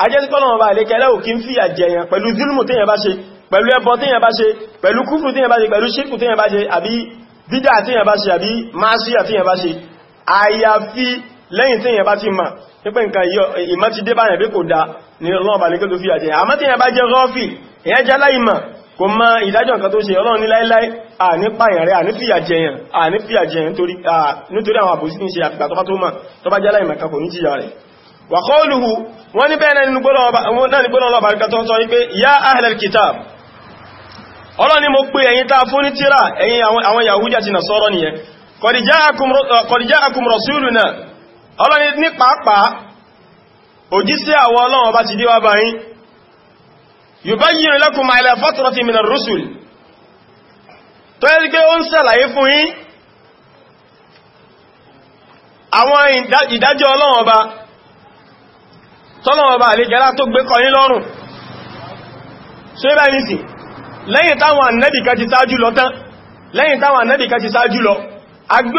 ajẹ́sí kọ́nà bá lè kẹ́lẹ́ ò kí ń fìyà jẹ yẹn pẹ̀lú zulmù téèyàn bá ṣe pẹ̀lú ẹbọ téèyàn bá ṣe pẹ̀lú kúfù téèyàn bá ṣe ìyẹn jẹ́ láìmọ̀ kò mọ ìdájọ́ nǹkan tó ṣe ọlọ́run ní láíláí ànípàyàn rẹ̀ ànífìyàjẹyàn ànífìyàjẹyàn nítorí àwọn àbòsí tí ń ṣe àfìgbà tó bá tó mọ̀ tó bá jẹ́láì mẹ́ka kò ní jíyà rẹ̀ wa qawluhu wọ́n ní bẹ́ẹ̀ nínú gbọ́nà ọlọ́bà ríka tó ń sọ wípé ya ahlal kitab ọlọ́run ni mo pè ẹ̀yin tá fún ní tíra ẹ̀yin àwọn yahudi àti nasọ́rọ̀ nìyẹn qad ja'akum rasuluna ọlọ́run ní pàápàá òjíṣẹ́ àwọn ọlọ́run yubayyin lakum ala fatrati min ar-rusul tó yẹ́ pé ó ń ṣàlàyé fún yín àwọn ìdájọ́ Ọlọ́run Ọba tọ́lọ́run Ọba àlejẹ́lá tó gbé kọ́ yín lọ́rùn ṣe bá ní sí lẹ́yìn táwọn ànẹ́bì kan ti sáájú lọ tán lẹ́yìn táwọn ànẹ́bì kan ti sáájú lọ agbé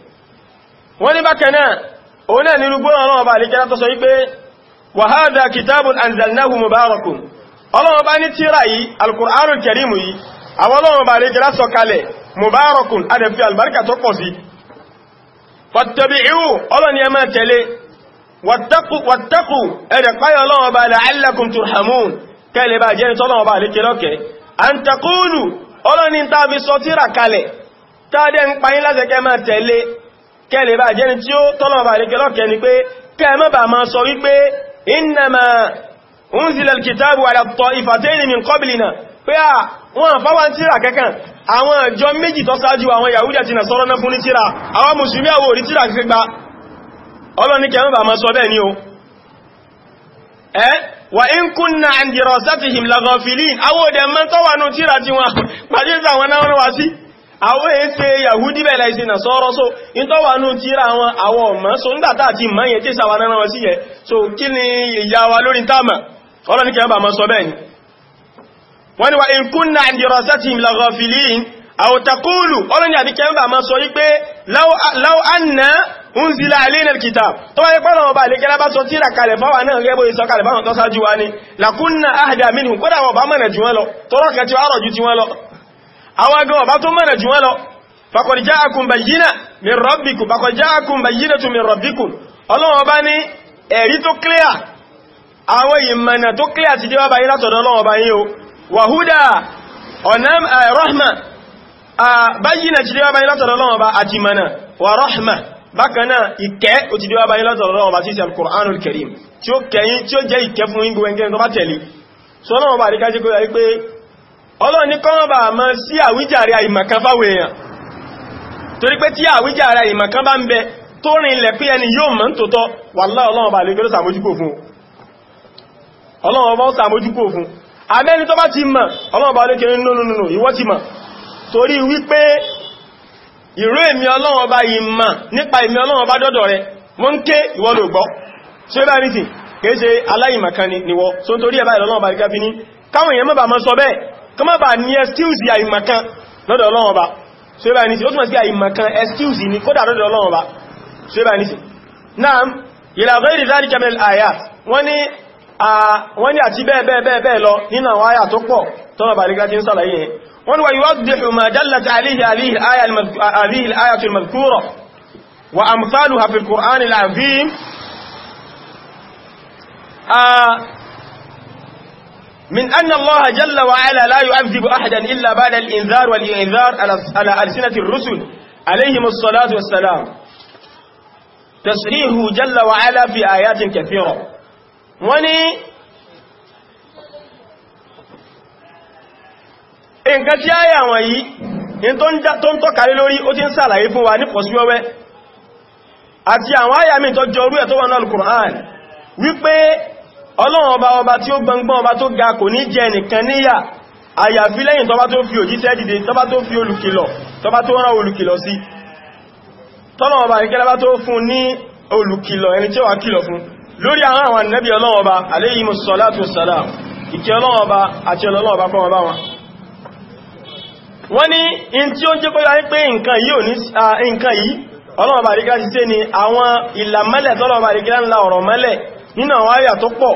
wọ́n ní bákanáà òun náà nínú gbọ́nà ọlọ́wọ́ bá alékẹ́lá tó sọ wípé wàhádà kìtàbùn anzalnahu mubarakun ọlọ́wọ́ bá ní tíra yìí alkùnránù kẹrìmù yìí àwọn ọlọ́wọ́ bá alékẹ́lá sọ kalẹ̀ mubarakun adẹ̀fí albarka tó pọ̀ lásẹ̀kẹ́ máa tẹ̀lé kẹ́lẹ̀ bá jẹ́ni tí ó tọ́lọ̀ bá lè kẹ́lọ́kẹ́ ni pé kẹ́ẹ̀mọ́ bá máa sọ wípé innama unzila al-kitabu ala ta'ifatayn min qablina pé à ah, wọ́n fáwọn tíra kankan àwọn ìjọ méjì tó sáájú àwọn Yahudi àti Nasara náà fún ní tíra àwọn Mùsùlùmí àwọ orí tíra fi gba ọlọ́ni kẹ́ẹ̀mọ́ bá máa sọ bẹ́ẹ̀ ni o ẹ́ wa in kunna an dirasatihim laghafilin àwọn òdẹ̀ mẹ́tọ́wà nù tíra tí wọ́n pàdé àwọn náà wọ́n wá sí àwọn èése yahudi bẹ̀rẹ̀ ìsìn nà sọ́rọ̀ so in tó wà ní tíra àwọn àwọn ọmọ so ń dàtà àti ìmọ̀ yẹn tí sàwà náà wọ́n sí yẹ so kí ni ìyá wa lórí táàmà ọlọ́ni kẹfà ma sọ bẹ́ẹ̀ ni wọ́n ni wa in kunna an dirasatihim la ghafilin aw taqulu ọlọ́ni àti kẹfà ma sọ wípé law anna unzila alayna alkitab tó wáyé pọ́nà ọba àlékẹ́lá bá sọ tíra kalẹ̀ fáwà náà gẹ́gbó ìsọ kalẹ̀ fáwọn tó sáájú wa ni lakunna ahda minhum kódà wọ́n bá mọ̀nà jù àwọn gan ọba tó mọ̀nà jù wọ́n lọ faqad ja'akum bayyina min rabbikum faqad ja'akum bayyinatu min rabbikum ọlọ́wọ́n bá ní ẹ̀rí tó clear àwọn ìmọ̀nà to clear ti jẹ́wà báyí látọ̀dọ̀ ọlọ́wọ́n bá yíò wàhúdà ọ̀nàm eh, rahma bayyina ti jẹ́wà báyí látọ̀dọ̀ ọlọ́wọ́n bá àti mọ̀nà wà rahma bákanáà ìkẹ́ ó ti jẹ́wà báyí látọ̀dọ̀ ọlọ́wọ́n bá ti sẹ́ al-Qur'anul Karim tí ó kẹ́yìn tí ó jẹ́ ìkẹ́ fún ingbẹ̀ngẹ́ tó bá tẹ̀lé sọ́lọ́wọ́n bá rí kájí kó yà wípé ọlọ́run ní kọ́nà bá mọ́ sí àwíjàre àìmọ̀kan fáwọn èèyàn torí pé tí àwíjàre àìmọ̀kan bá ń bẹ tó rìn ilẹ̀ pé ẹni yóò mọ̀ ń tòótọ́ wàlá ọlọ́run bá lè gẹ́rọ sàmójúkò fún ọlọ́run bá sàmójúkò fún àmẹ́ni tó bá ti mọ̀ ọlọ́run bá lè kẹrin nónúnú ìwọ ti torí ni wọ́n so nítorí ẹ̀bá ìlọ́lọ́run bá rí káfí ní káwọn èèyàn mọ́ bá mọ́ sọ bẹ́ẹ̀ kọmọ́ bà ní excuse àìmọ̀kan lọ́dọ̀ ọlọ́wọ́ bá ṣe bá ní sí ó túnmọ̀ sí àìmọ̀kan excuse ní kódà lọ́dọ̀ ọlọ́wọ́ bá ṣe bá ní sí náà ila ghairi dhalika min al-ayat wọ́n ni àti bẹ́ẹ̀bẹ́ẹ̀bẹ́ẹ̀ lọ nínú àwọn àyà tó pọ̀ tọ́nà bà nígbà tí ń sàlàyé yẹn wọ́n ni wa yuwaddihu ma dallat alayhi من أن الله جل وعلا لا يعذب أحدا إلا بعد الإنذار والإنذار على ألسنة الرسل عليهم الصلاة والسلام تسريه جل وعلا في آيات كثيرة وني إن كانت آية وي إن تنتو كاليلوري أتن سالة يفوا نفس يوه أتيا وآية من تجورو يتوانا القرآن wípé ọlọ́run ọba ọba tí ó gbọngbọ́n ọba tó ga kò ní jẹ nìkan níyà àyàfi lẹ́yìn tọba tó fi òjíṣẹ́ dìde tọba tó fi olùkìlọ̀ tọba tó rán olùkìlọ̀ sí tọ́lọ́run ọba ìkẹ́lẹ́ bá tó fún ní olùkìlọ̀ ẹni tí ó wà kìlọ̀ fún lórí àwọn àwọn ànábì ọlọ́run ọba alayhi musallatu wassalam ìkẹ́ ọlọ́run ọba àti ọlọ́run ni àwọn ìlàmẹ́lẹ̀ tọ́lọ́run tó pọ̀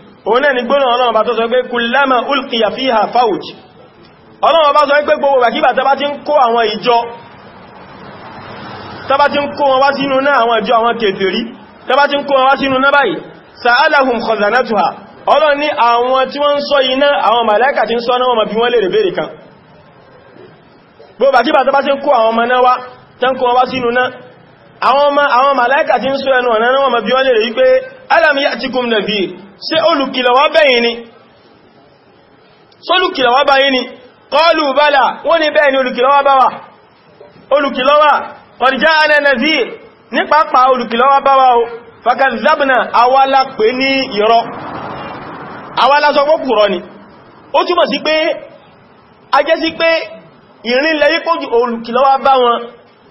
òun náà ni gbónà ọlọ́run bá tó sọ pé kùlámà ulkiya fiha fauj ọlọ́run bá sọ pé gbogbo wàkíbà tàbá ti ń kó àwọn ìjọ tàbá ti ń kó wọn wá sínú náà àwọn ìjọ àwọn kèfèrí tàbá ti ń kó wọn wá sínú náà báyìí sa'alahum khazanatuha ọlọ́run ní àwọn tí wọ́n àwọn màláìkà tí ń sọ ẹnu ọ̀nà náà wọ́n bí wọ́n lè rí pé alam ya'tikum nadhir ṣe olùkìlọ̀ wá bẹ́yìn ni sólùkìlọ̀ wá báyìí ni qalu bala wọ́n ní bẹ́ẹ̀ ni olùkìlọ̀ wá bá wa olùkìlọ̀ wá qad awala pé ní awala sọ pé kùrọ ni ó túmọ̀ sí pé a jẹ́ sí pé ìrìnlẹ̀ yípo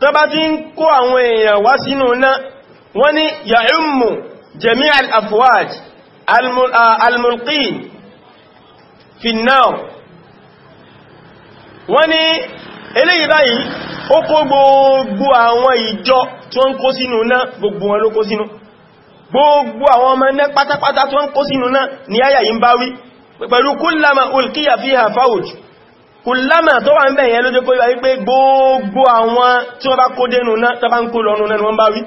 tó bá ti ń kó àwọn èèyàn wá sínú náà wọ́n ni ya'ummu jami al-afwaj al-mulqin fi náà wọ́n ni eléyìí báyìí ó kó gbogbo àwọn ìjọ tó ń kó sínú náà gbogbo wọn ló kó sínú gbogbo àwọn ọmọ ẹnẹ́ pátápátá tó ń kó sínú náà ni áyà bá wí pẹ̀lú kullama ulqiya fiha fawj kùlámà tó wà ń bẹ̀yẹ ló jẹ́ kó yíwa wípé gbogbo àwọn tí wọ́n bá kó dénú náà tọ́bá ń kó lọ́nu náà wọ́n bá wí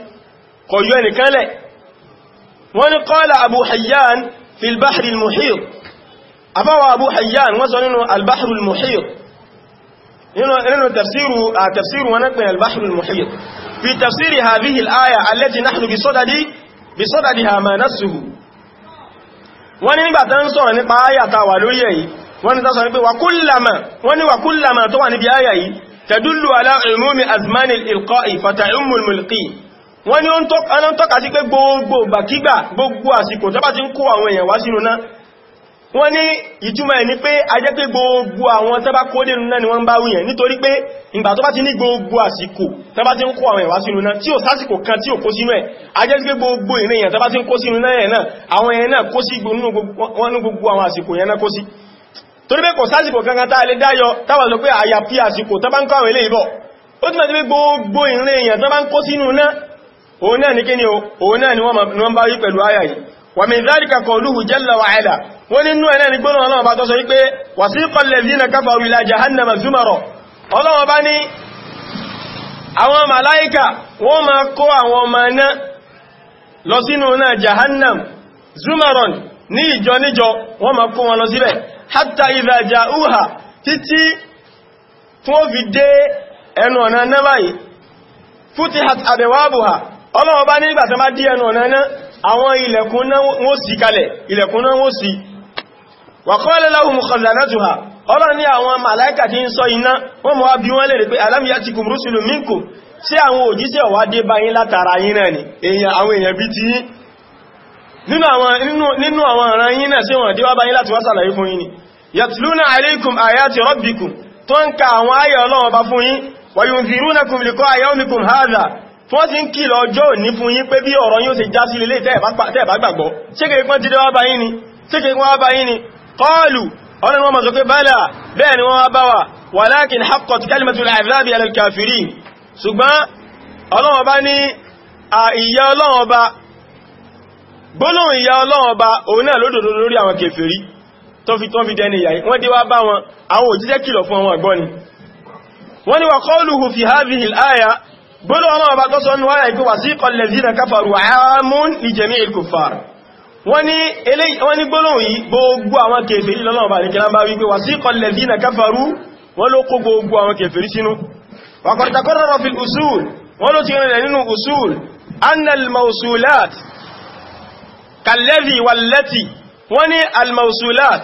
kọ̀ yọ ẹnìkan lẹ̀ wọ́n ni qala Abu Hayyan fil bahri al-muhit afáwà Abu Hayyan wọ́n sọ nínú al-bahri al-muhit ma nasuhu wọ́n ni nígbà tán sọ̀rọ̀ ayata wà lórí ẹ̀yí wọ́n ni tó sọ ní pé wàkúlàmà wọ́n ni wàkúlàmà tó wà níbi ayà yìí tẹ̀dúlù aláìmúmi azmanil ilqa'i fata imulmulqi wọ́n ni ọ̀nà tọ́ka sí pé gbogbo bàkígbà gbogbo àsìkò tó bá ti ń kó àwọn èèyàn wá sínú náà wọ́n ní ìtumọ̀ ẹ̀ ní pé a pé gbogbo àwọn tó kó nínú náà ni wọ́n bá wíyàn nítorí pé ìgbà tó ti ní gbogbo àsìkò tó ti ń kó àwọn èèyàn wá sínú náà tí ò sásìkò kan tí ò kó sínú ẹ̀ a pé gbogbo ìrìnyàn tó ti ń kó sínú náà torí pé kò sásìkò kankan tá lè dáyọ táwà sọ pé àyà pí àsìkò tó bá ń kọ́wẹ̀ lè bọ̀ ó túnmọ̀ sí pé gbogbo ìrìn èèyàn tó ń kó sínú náà òun náà ní kí ni òun náà ni wọ́n bá rí pẹ̀lú àyà yìí wà min dhalika qawluhu jalla wa ala wọ́n nínú ẹ̀ náà ni gbọ́nà ọlọ́wọ́ bá tọ́ sọ wípé wasiqa alladhina kafaru ila jahannama zumara ọlọ́wọ́ bá ní àwọn màláíkà wọ́n ma ní ìjọ níjọ wọ́n ma kó wọn lọ síbẹ̀ hatta idha ja'uha títí tó fi dé ẹnu ọ̀nà náà báyìí futihat abwabuha ọlọ́wọ́ bá nígbà tó má dí ẹnu ọ̀nà náà àwọn ilẹ̀kùn náà wọ́n ṣí kalẹ̀ ilẹ̀kùn náà wọ́n ṣí wa qala lahum khazanatuha ọlọ́run ní àwọn màláíkà tí ń sọ iná wọ́n mọ́ bí sí nínú àwọn ọ̀ràn yìí náà sí wọ́n dé wá báyìí láti wá sàlàyé fún yín ni yatluna alaykum ayati rabbikum tó ń ka àwọn ayà ọlọ́wọ́ bá fún yín wa yunzirunakum liqa'a yawmikum hadha tó wọ́n ti ń kìlọ̀ ọjọ́ òní fún yín pé bí ọ̀rọ̀ yóò ṣe já sí lélẹ̀ tẹ́ẹ̀bá gbàgbọ́ ṣékèé pọ́n ti dé wá báyìí ni ṣékèé pọ́n gbólóhùn ìyá ọlọ́run ọba òun náà lódòdó lórí àwọn kèfèrí tó fi tán fi dẹni ìyà wọ́n dé wá bá wọn àwọn òjíṣẹ́ kìlọ̀ fún àwọn àgbọ́ni wọ́n ni wà kọlùhù fi hadhihi al-aya gbólóhùn ọlọ́run kàlẹ́dì wàlẹ́tì wọ́n ní almausulat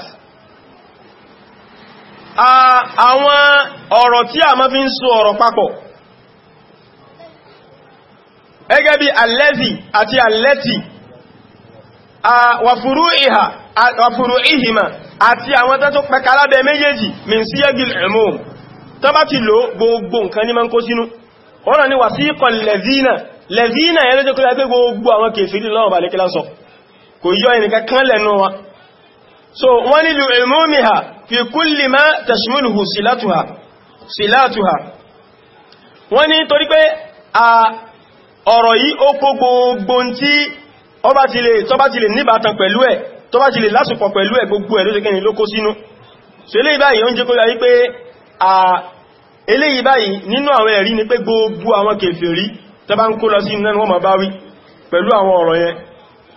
àwọn ọ̀rọ̀ tí a máa fi ń so ọ̀rọ̀ papọ̀ gẹ́gẹ́ bí alẹ́dì àti alẹ́tì wàfúrú ìhà wàfúrú ìhìmà àti àwọn tẹ́ tó pẹ̀kà lábẹ́ méjèèjì min sí ẹgbìl ẹ̀mọ́ tó bá ti lò gbogbo nǹkan ní ma ń kó sínú ọ̀rọ̀ ni wà sí ikọ̀ lẹ́zínà lẹ́zínà ẹ̀lẹ́jẹ́kọ́lẹ́gbẹ́ àwọn kèfèrí lọ́wọ́ bà sọ kò yọ ẹnìkan kan lẹ́nu wọn so wọ́n nílò ìmúmìhà fi kulli ma tashmuluhu sílátùhà wọ́n ní torí pé a ọ̀rọ̀ yìí ó kó gbogbo tí ó bá ti lè tó bá ti lè níbàtàn pẹ̀lú ẹ̀ tó bá ti lè lásùpọ̀ pẹ̀lú ẹ̀ gbogbo ẹ̀ ló ṣe ló kó sínú a eléyìí báyìí nínú àwọn ẹ̀rí ni pé gbogbo àwọn kèfèrí tó bá ń kó lọ sí nínú wọn pẹ̀lú àwọn ọ̀rọ̀ yẹn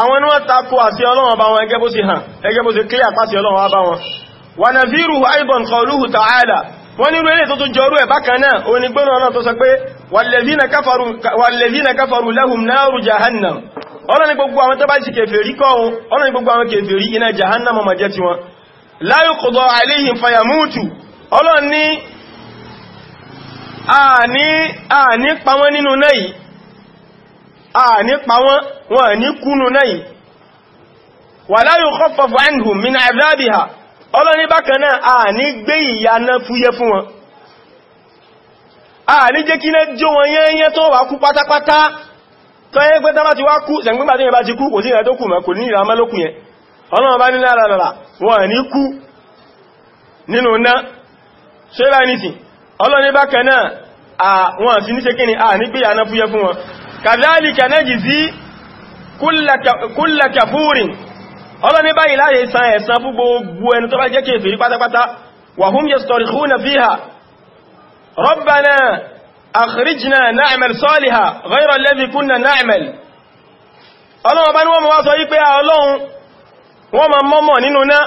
àwọn ni wọ́n takò àti ọlọ́wọ́n bá wọn ẹgẹ́ bó sì hàn ẹgẹ́ bó sì kílẹ̀ àpá sí ọlọ́wọ́n bá wọn wà nà vírù àìbọn kọlúhù tààdà wọ́n nínú ilé tó tún jọrú ẹ̀ bákan náà o ní gbónà náà tó sọ pé wàlẹ̀dínà káfàrù lahum náàrù jahannam ọlọ́ni gbogbo àwọn tó bá náà a nípa wọn wọn ní kúnnù náà yìí wà láyò kọfọ̀fọ̀ ẹnhùn mina ẹ̀dábìhà ọlọ́ní bákan náà a ní gbé ìyànà fúyẹ fún wọn a ní jẹ́ kí náà jó wọn yẹ́yẹ́ tó wà kú pátápátá tó yẹ́ pẹ́ tábà ti ní ṣe kí ni a ní gbé ìyànà fúyẹ fún wọn kàdálìkà najzi kulla kafurin ọlọ́ni báyìí láyé san ẹ̀san fún gbogbo ẹni tó bá jẹ́ kèfèrí pátápátá wa hum yastarikhuna fiha rabbana akhrijna na'mal salihan ghayra alladhi kunna na'mal ọlọ́wọ́ bá ní wọ́n wá sọ wípé ọlọ́run wọ́n ma mọ́mọ̀ nínú náà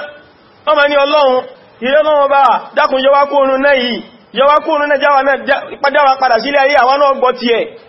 wọ́n ma ní ọlọ́run ìrẹ́lọ́wọ́ bá dákùn yọwákùnrin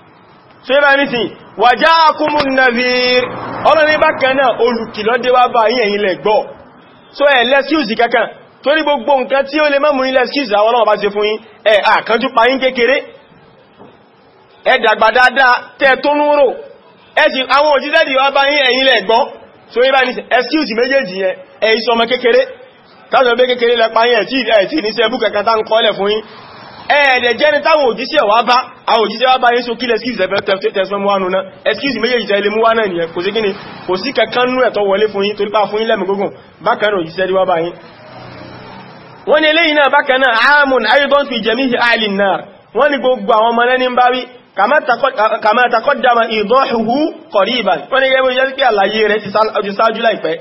so yíba ní sin wàjá akúmù nàzír ọlọ́ni bákan náà olùkìlọ́dé wá bá yí ẹ̀yin lẹ gbọ́ so ẹ̀ lẹ́skíùsì kankan torí gbogbo nǹkan tí ó lè mọ́mù ní lẹ́skíùsì àwọn ọlọ́wọ́ bá ṣe fún yín ẹ̀ àkánjú pa yín kékeré ẹ dàgbà dáadáa tẹ́ tó núrò ẹ̀sìn àwọn òjíṣẹ́ dì wá bá yí ẹ̀yin lẹ gbọ́ so yíba ẹ̀ ẹ̀ẹ̀dẹ̀ jẹ́ni táwọn òjíṣẹ́ wá bá àwọn òjíṣẹ́ wá bá yín só kílẹ̀ excuse tẹ̀sán mú wánu náà excuse méjèèjì tẹ́lé mú wá náà nìyẹn kò sí kíni kò sí kankan nú ẹ̀tọ́ wọlé fún yín torípa fún yín lẹ́mù gógùn bákan òjíṣẹ́ rí wá bá yín wọ́n ni eléyìí náà bákan náà amun ayidon fi jẹ́mí àìlì náà wọ́n ni gbogbo àwọn ọmọ lẹ́ni ń bá wí kàmá takọ́dàmà ìdọ́hùhù kọ̀rí ìbà wọ́n ni gẹ́gbẹ́ ìjẹ́ pé àlàyé rẹ̀ ti ṣáájú láìpẹ́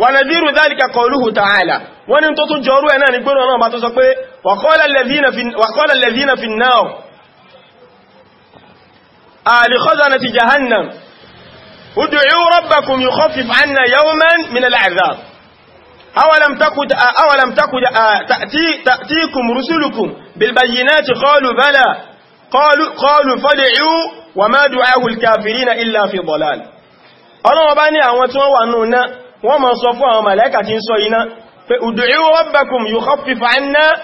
wà nàbírù dálìkà kọlùhù tààlà wọ́n ni tó tún jọrú ẹ̀ náà ní gbọ́nà náà bá tó sọ pé وقال الذين في وقال الذين في النار آه لخزنة جهنم ادعوا ربكم يخفف عنا يوما من العذاب أولم تكد آه، أولم تكد آه، تأتي تأتيكم رسلكم بالبينات قالوا بلى قالوا قالوا فدعوا وما دعاء الكافرين إلا في ضلال أنا bá ní àwọn وما صفوا wà náà náà ادعوا ربكم يخفف عنا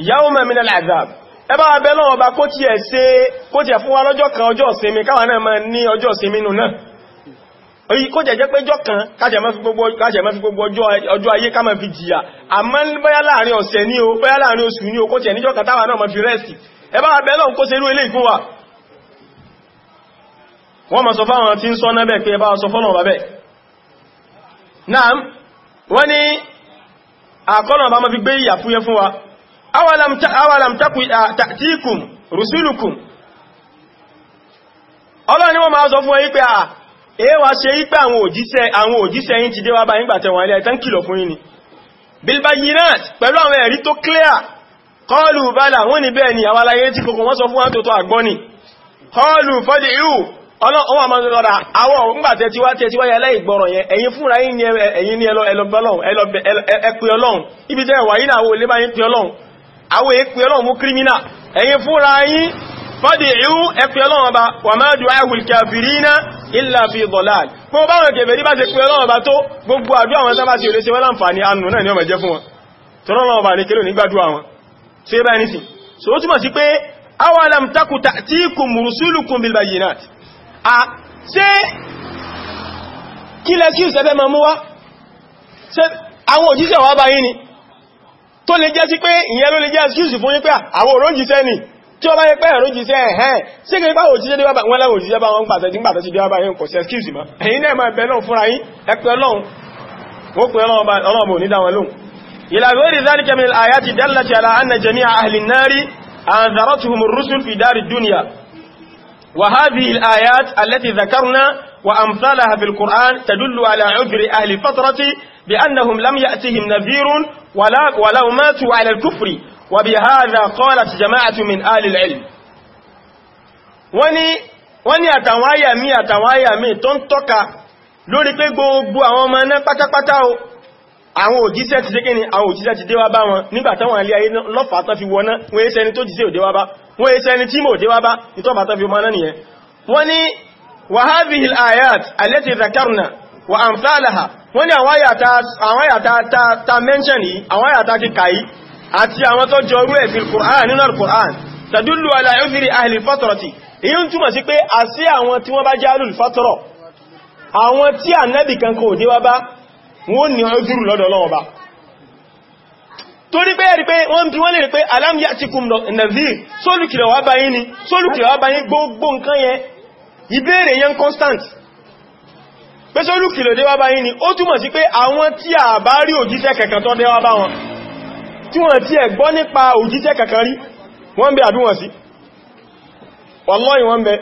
yawma min al'azab ẹbá abẹ́ lọ́wọ́ bá kó tí ẹ̀ ṣe kó ẹ̀ fún wa lọ́jọ́ kan ọjọ́ ìsinmi káwà ní ọjọ́ ìsinmi nù náà oyi kó jẹ́ jẹ́ pé jọ kan kájẹ̀ mọ́ fi gbogbo ọjọ́ ayé ká mọ́ fi jìyà àmọ́ láàrin ọ̀sẹ̀ ní o bóyá láàrin oṣù ní o kó tẹ̀ níjọ́ kàtàwà náà mọ́ fi rẹ́ẹ̀sì ẹbá abẹ́ lọ́wọ́ kó serú ilé ìfún wa wọ́n mọ̀ sọ fáwọn tí ń sọ náà bẹ́ẹ̀ pé ẹbá sọ fọ́nà bàbẹ́ náà wọ́n ni àkọ́nà bá mọ́ fi gbé ìyà fúyẹ́ wa awalam ta awalam takwi ta'tikum rusulukum Ọlọ́run ni wọ́n máa sọ fún ẹ̀yin pé à èéwà ṣe yí pé àwọn òjíṣẹ́ àwọn òjíṣẹ́ yín ti dé wá bá gbàtẹ̀ wọn ilẹ̀ ẹ̀tàn kìlọ̀ fún yín ni bilbayinat pẹ̀lú àwọn ẹ̀rí tó clear kọlù bala wọ́n ni bẹ́ẹ̀ ni àwọn aláyé tí kòkò wọ́n sọ fún wọn tó tó àgbọ́ni kọlù fọ́dí ìhù ọlọ́wọ́ ma rọrà àwọ̀ ńgbàtẹ̀ tí wá tí wáyé aláìgbọ́rọ̀ yẹn ẹ̀yin fúnra ibi tẹ́ wà yínà àwọn olébáyín àwọn èpè ọlọ́run mú kírímínà ẹ̀yin fúnra yín fọ́dì ìhú ẹ̀pẹ̀ ọlọ́run ọba wà máa dùn áhùl kẹfìrínà ìlà fi dọ̀láàl gbogbo báwọn kẹfẹ̀ ní bá ti pẹ̀ ọlọ́run ọba tó gbogbo àdúrà wọn ni ọmọ jẹ́ fún wọn tọ́lọ́run ọba ní kélò nígbàdúrà wọn ṣe bá ní a ṣe kílẹ̀ kí ìṣẹ́fẹ́ máa mú wá ṣe àwọn òjíṣẹ́ wà báyìí ni tó lè jẹ́ sí pé ìyẹn ló lè jẹ́ excuse fún yín pé àwọn òrójìṣẹ́ ni tí ó bá yẹ pé òrójìṣẹ́ ẹ̀hẹ́n sí kí bá òjíṣẹ́ dé bá wọn láwọn òjíṣẹ́ bá wọn gbàtẹ̀ nígbàtẹ̀ sí dé bá yẹn kò على أن جميع أهل النار أنذرتهم الرسل في دار الدنيا وهذه الآيات التي ذكرنا وأمثالها في القرآن تدل على عذر أهل فترة بأنهم لم يأتهم نذير ولا ولو ماتوا على الكفر وبهذا قالت جماعة من آل العلم وني وني أتوايا مي أتوايا مي تنتوكا lórí pé gbogbo àwọn ọmọ náà pátápátá o àwọn òjíṣẹ́ ti dé kíni àwọn òjíṣẹ́ ti déwá bá wọn nígbà táwọn alẹ́ ayé lọ́fàá tán fi wọná wọ́n èsẹ́ ẹni tó jíṣẹ́ ò déwá bá wa amthalaha wọ́n ní àwọn àyàtà ta mention yìí àwọn àyàtà kíkà yìí àti àwọn tó jọ orú ẹ̀fì Qur'an nínú Qur'an tàdúlù aláyọ́fìrí ahìlì fọ́tọ̀rọ̀tì èyí ń túnmọ̀ sí pé a sí àwọn tí wọ́n bá jẹ́ alùl fọ́tọ̀rọ̀ àwọn tí ànábì kan kò dé wá bá wọ́n ní ọdúrù lọ́dọ̀ Ọlọ́run bá torí pé ẹ̀rí pé wọ́n bí wọ́n lè rí pé alam ya'tikum nadhir sólùkìlọ̀ wá báyìí ni sólùkìlọ̀ wá báyìí gbogbo nǹkan yẹn ìbéèrè yẹn constant pé sólú kìlò dé wá bá yín ni ó túmọ̀ sí pé àwọn tí a bá rí òjíṣẹ́ kankan tó dé wá bá wọn tí wọ́n ti ẹ̀ gbọ́ nípa òjíṣẹ́ kankan rí wọ́n bẹ àbí wọ́n sí wallahi wọ́n bẹ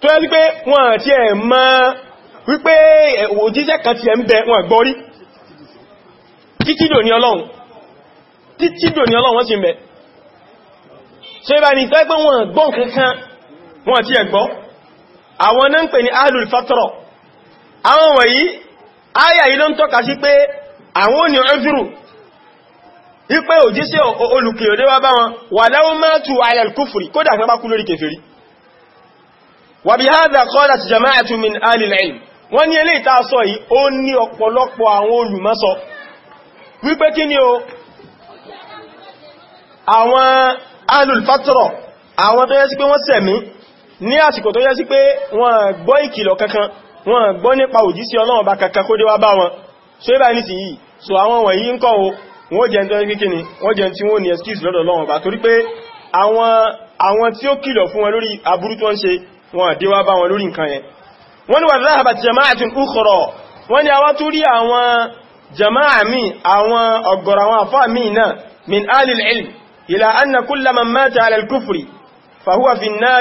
tó yẹ wípé wọ́n ti ẹ̀ mọ̀ wípé òjíṣẹ́ kan ti ẹ̀ ń bẹ wọ́n gbọ́ rí àwọn náà ń pè ní ahlul àwọn wọ̀nyí ayà yìí ló ń tọ́ka sí pé àwọn ò ní ọ́fírù wípé òjíṣẹ́ olùkèrè wá bá wọn wà láwọn mẹ́tù alẹ́lkúfùrí kódà fẹ́ bá kú lórí kèfèrí wà bí hádà kọ́lá ti jama'atu min alìlẹ́yìn wọ́n ní ilé ni o àwọn alùlfàtọ̀rọ̀ àwọn tó yẹ sí pé àsìkò tó yẹ sí pé wọ́n gbọ́ ìkìlọ̀ kankan wọn gbọ́ nípa òjísí Ọlọ́run bá kankan kó dé wá bá wọn so ibà ní sí yìí so àwọn wọ̀nyí ń kọ́ o wọ́n jẹ́ tó ní kíni wọ́n jẹ́ tí wọ́n ní excuse lọ́dọ̀ Ọlọ́run bá torí pé àwọn tí ó kìlọ̀ fún wọn lórí aburú tó ń ṣe wọn dé bá wọn lórí nǹkan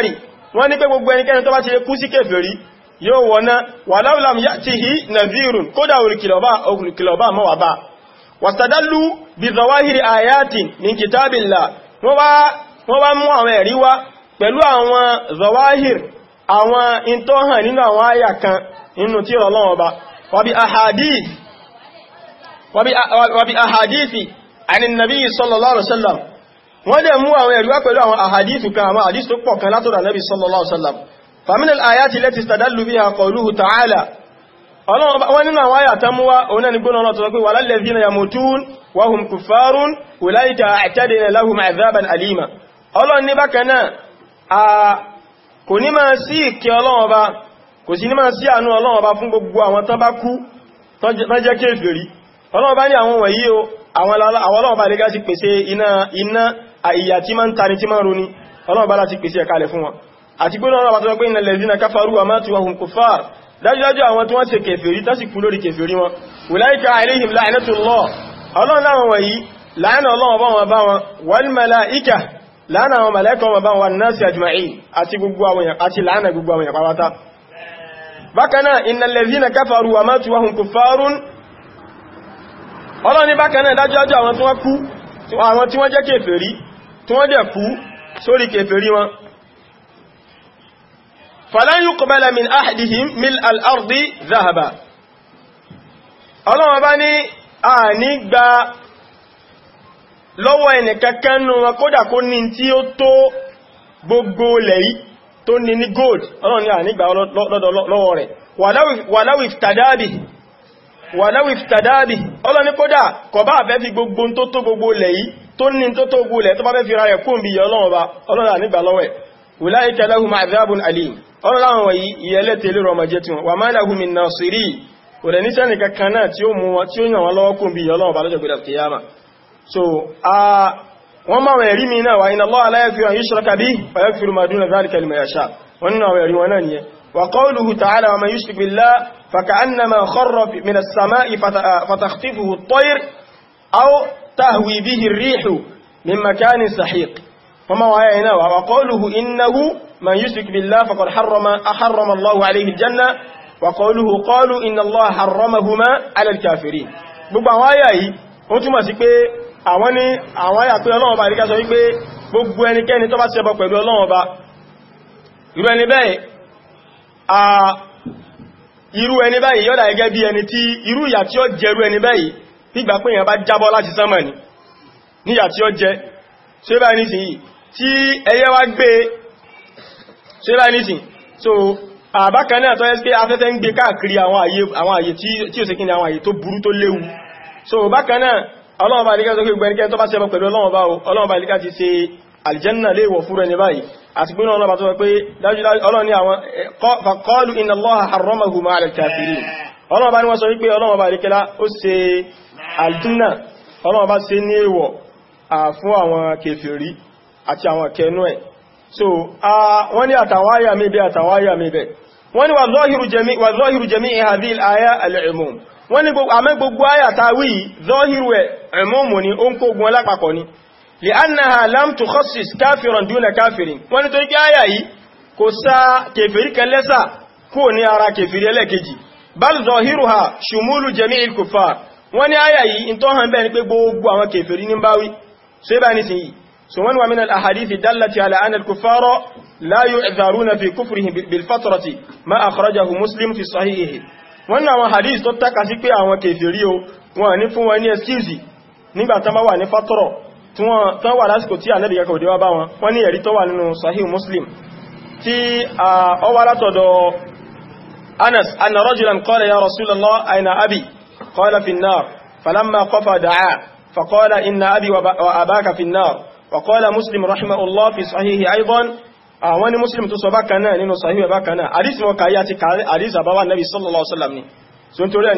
yẹn wọ́n ní gbogbo ẹnikẹ́ni tó bá ti kú sí kèfèrí yóò wọ́ná wàláwùlám yá ti hì nàzírùn kódà olùkìlọ̀bá olùkìlọ̀bá mọ́wà bá wàtàdálù bí zawahiri ayatin ní kìtàbìlá wọ́n wá mú àwọn ẹ̀rí wá pẹ̀lú àwọn zawahir àwọn intohan nínú àwọn àyà kan nínú tí Ọlọ́run bá wàbí ahadith wàbí ahadithi àni nàbí sallallahu alaihi wasallam wọ́n dẹ̀ mú àwọn ẹ̀rí wá pẹ̀lú àwọn ahadith kan àwọn ahadith tó pọ̀ kan látọ̀dọ̀ nàbí sallallahu alaihi wasallam فمن الآيات التي استدل بها قوله تعالى وننا وايا تموا ونن يقول الله تعالى ولا الذين يموتون وهم كفار أولئك أعتدنا لهم عذابا أليما الله ní bákan náà kò ní máa sí ìkẹ́ Ọlọ́run bá láti pèsè ẹ̀kalẹ̀ fún wọn àti pé lọ́nà àbátọ́ pé ìnàlẹ̀ ìdínà káfàrú àmátù wahum kuffar dájúdájú àwọn tí wọ́n ṣe kèfèrí tásìkú lórí kèfèrí wọn wùláìkà àìríhìm láìnàtùlọ́ ọlọ́run láwọn wọ̀nyí láàrín ọlọ́run bá wọn bá wal màláíkà láàrín àwọn màláíkà àwọn àwọn wa wa ọlọ́ni bákaná dájúdájú àwọn tí wọ́n kú àwọn tí wọ́n jẹ́ kèfèrí falan yuqbala min ahadihim mil al-ardi zahaba ọlọ́wọ́ bá ní a ní gba lọ́wọ́ ẹnìkankan nù wọn kódà kó ní tí ó tó gbogbo lẹ́yí tó ní ní gold ọlọ́wọ́ ní a ní gba lọ́wọ́ rẹ̀ wàláwì tàdábì wàláwì tàdábì ọlọ́ni kódà kọ̀ bá fẹ́ fi gbogbo tó tó gbogbo lẹ́yí tó ní tó tó gbogbo lẹ́ tó bá ọlọ́láwọn wọ̀nyí ìyẹ́lẹ́tẹ̀ lérò ọmọ jẹ́ tiwọn wà máa lahum min nasiri kò rẹ̀ níṣẹ́ náà tí ó mú wọn tí ó yàn wọn lọ́wọ́ kún bí ọlọ́wọ́ bá so wọ́n máa wẹ̀ rí mi náà wà iná lọ́wọ́ aláyẹ̀fì ọ̀yí ṣọ́rọ̀kà bí ọ̀yẹ́ fi rúmà dúnà láti kẹlìmẹ̀ yàṣà wọ́n nínú àwọn ẹ̀rí wọn náà nìyẹn wà qawluhu ta'ala wa man yushrik billahi faka'annama kharra min من يشرك بالله فقد حرم أحرم الله عليه الجنة وقوله قالوا إن الله حرمهما على الكافرين gbogbo àwọn àyà yìí ó túnmọ̀ sí pé àwọn ní àwọn àyà pé ọlọ́wọ́ bá rí ká sọ wípé gbogbo ẹnikẹ́ni tó bá ṣẹbọ pẹ̀lú ọlọ́wọ́ bá irú ẹni bẹ́ẹ̀ à irú ẹni báyìí yọ́dà gẹ́gẹ́ bí ẹni tí irú ìyà tí ó jẹ irú ẹni báyìí nígbà pé èèyàn bá jábọ́ láti sánmà ní ìyà tí ó jẹ ṣé báyìí nísìnyí tí ẹyẹ wá gbé ṣe bá nísìn so àbákan náà tọ́ ẹ́sẹ́ afẹ́fẹ́ ń gbé káàkiri àwọn àyè tí ó sì kíni àwọn àyè tó burú tó léwu so bákan náà ọlọ́run bá ní ká sọ pé gbẹ̀rẹ̀kẹ́ tó bá ṣẹbọ pẹ̀lú ọlọ́run bá ní ká ti ṣe aljanna lè wọ̀ fúrẹ́ ní báyìí àti pínú ọlọ́pàá tó wọ́n pé dájúdájú ọlọ́ni àwọn faqalu inna Allaha harramahu ma'al kafirin ọlọ́pàá ni wọ́n sọ wípé ọlọ́pàá àríkẹ́lá ó ṣe aljanna ọlọ́pàá ṣe ní èèwọ̀ fún àwọn kèfèrí àti àwọn kẹnú ẹ̀ so wọ́n ni àtàwáyà mẹ́bẹ̀ àtàwáyà mẹ́bẹ̀ wọ́n ni wà zọ́hìrù jẹ́mí ìhàdí àyà al'umum wọ́n ni àmẹ́ gbogbo àyà tàwí zọ́hìrù ẹ̀ ẹ̀mọ́mù ni ó ń kó gun alápapọ̀ ni lè annaha lam tukhassis káfìrán dúnà káfìrín wọ́n ni tó ń kí àyà yìí kò sá kèfèrí kan lẹ́sà ní ara kèfèrí ẹlẹ́kejì bal zọ́hìrù ha ṣùmúlù jẹ́mí il kùfà wọ́n ni àyà yìí in tó hàn bẹ́ẹ̀ ni pé gbogbo àwọn kèfèrí ní báwí so ibà nísìnyìí so wọ́n wà mínal àhàdífi dallati ala anna al-kuffara la yu'dharuna fi kufrihim bil fatrati ma akhrajahu muslim fi sahihihi wọ́n ní àwọn hadith tó tàkà sí pé àwọn kèfèrí o wọ́n ní fún wọn ní excuse nígbà tán bá wà ní fatrọ̀ tí wọ́n tán wà lásìkò tí ànẹ́bì kẹkọ̀ òdíwá bá wọn wọ́n ní ẹ̀rí tó wà nínú sahih وقال مسلم رحمه الله في صحيح أيضا àwọn ni muslim tó sọ bákan náà nínú sahihu bákan náà àdísì wọn kàáyà ti kàárí àdísì àbáwà nabi sallallahu alaihi wasallam ni so n torí ẹ̀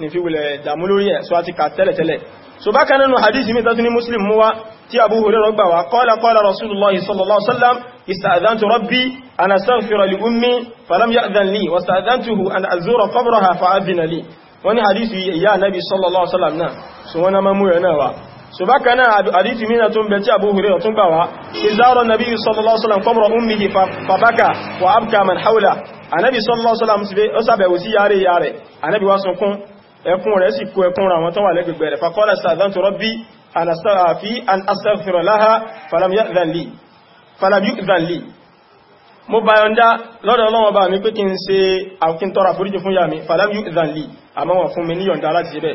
ní fi wulẹ̀ dàmú lórí ẹ̀ so a ti kà tẹ́lẹ̀tẹ́lẹ̀ so bákan nínú àdísì mi tàbí ni muslim mú wá tí Abu Hurairah gbà wá qala qala rasulullahi sallallahu alaihi wasallam ista'dhantu rabbi an astaghfira li ummi falam ya'dhan li wa ista'dhantuhu an azura qabraha fa'adhina li wani hadisi ya nabi sallallahu alaihi wasallam náà so wọn na mamu yanawa so bákan náà àdífì mínà tó ń bẹ̀ tí Abu Hurairah tún gbà wá ìzáàrọ̀ nàbí sallallahu alaihi wasallam qamra ummihi fàbákà wà abka man hawla anábi sallallahu alaihi wasallam ó sàbẹ̀wò sí yàrá ìyá rẹ̀ anábi wá sunkún ẹkún rẹ̀ sì kó ẹkún ra wọn tó wà lẹ́gbẹ̀gbẹ̀ rẹ̀ faqala sa'dhantu rabbi fi an astaghfira laha falam yu'dhan li mo bayọ̀ndá lọ́dọ̀ Ọlọ́run Ọba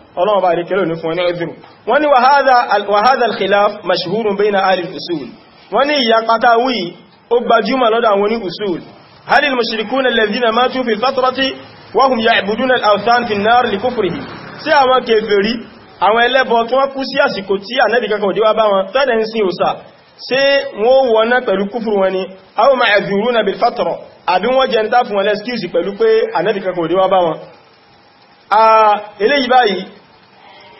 ọlọ́wọ́ bá rí kẹlò ní fún ẹni ẹ̀dùrù wọ́n ni wàhádà al-khilaf mashhurun bayna ahli al-usul wọ́n ni ìyá pátá wíì ó gbajúmọ̀ lọ́dọ̀ àwọn ní usul hal al-mushrikuna alladhina matu fi al-fatrati wa hum ya'buduna al-awthan fi an-nar li kufrihi sí àwọn kèfèrí àwọn ẹlẹ́bọ tí wọ́n kú sí àsìkò tí ànábì kankan òdí wá bá wọn tẹ́lẹ̀ ń sin òsà ṣé wọ́n wọná fún wọn pẹ̀lú pé ànábì bá wọn eléyìí báyìí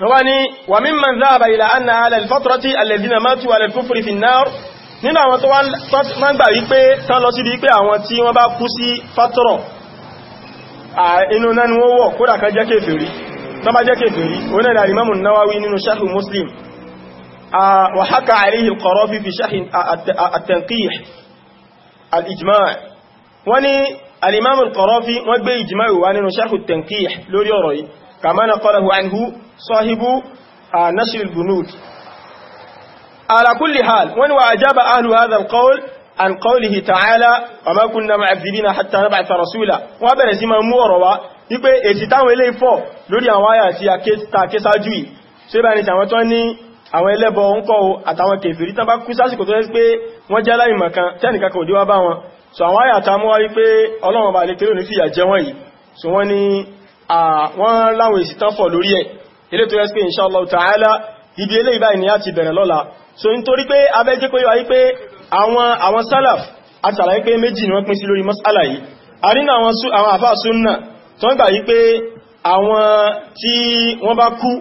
wani wa mimman zaaba ila anna ala alfatrati alladhina matu ala alkufri fi an-nar nínú àwọn tó wọ́n gbà wípé tán lọ sí wípé àwọn tí wọ́n bá kú sí fátọ́rọ̀ inú náà ni wọ́n wọ̀ kódà kan jẹ́ kèfèrí tán bá jẹ́ kèfèrí oní ẹ̀dà Imamu Nawawi nínú Sharh Muslim wa kama naqalahu anhu sahibu nashr al-bunud ala kulli hal wani wa ajaba ahlu hadha al-qawl an qawlihi ta'ala wa ma kunna mu'adhibina hatta nab'atha rasula wa bẹ̀rẹ̀ sí ma mú ọ̀rọ̀ wá wípé èsì táwọn eléyìí fọ́ lórí àwọn àyà tí a ké sáájú yìí ṣé bá ní tàwọn tó ní àwọn ẹlẹ́bọ ń kọ́ àtàwọn kèfèrí tán kú sásìkò tó yẹ́ wọ́n jẹ́ láìmọ̀ kan tẹ́nìkan díwá bá wọn so àwọn àyà tá wípé ọlọ́run wọ́n láwọn èsì tán fọ̀ lórí ẹ̀ ilé tó rẹ́sí pé inshallah ta'ala ibi ilé ìbáyìí ni a ti bẹ̀rẹ̀ lọ́la so nítorí pé abẹ́jẹ́ pé wáyé pé àwọn àwọn salaf àtàlàyé pé méjì ni wọ́n pín sí lórí mas'ala yìí a nínú àwọn àfà súnnà tó ń gbà yí pé àwọn tí wọ́n bá kú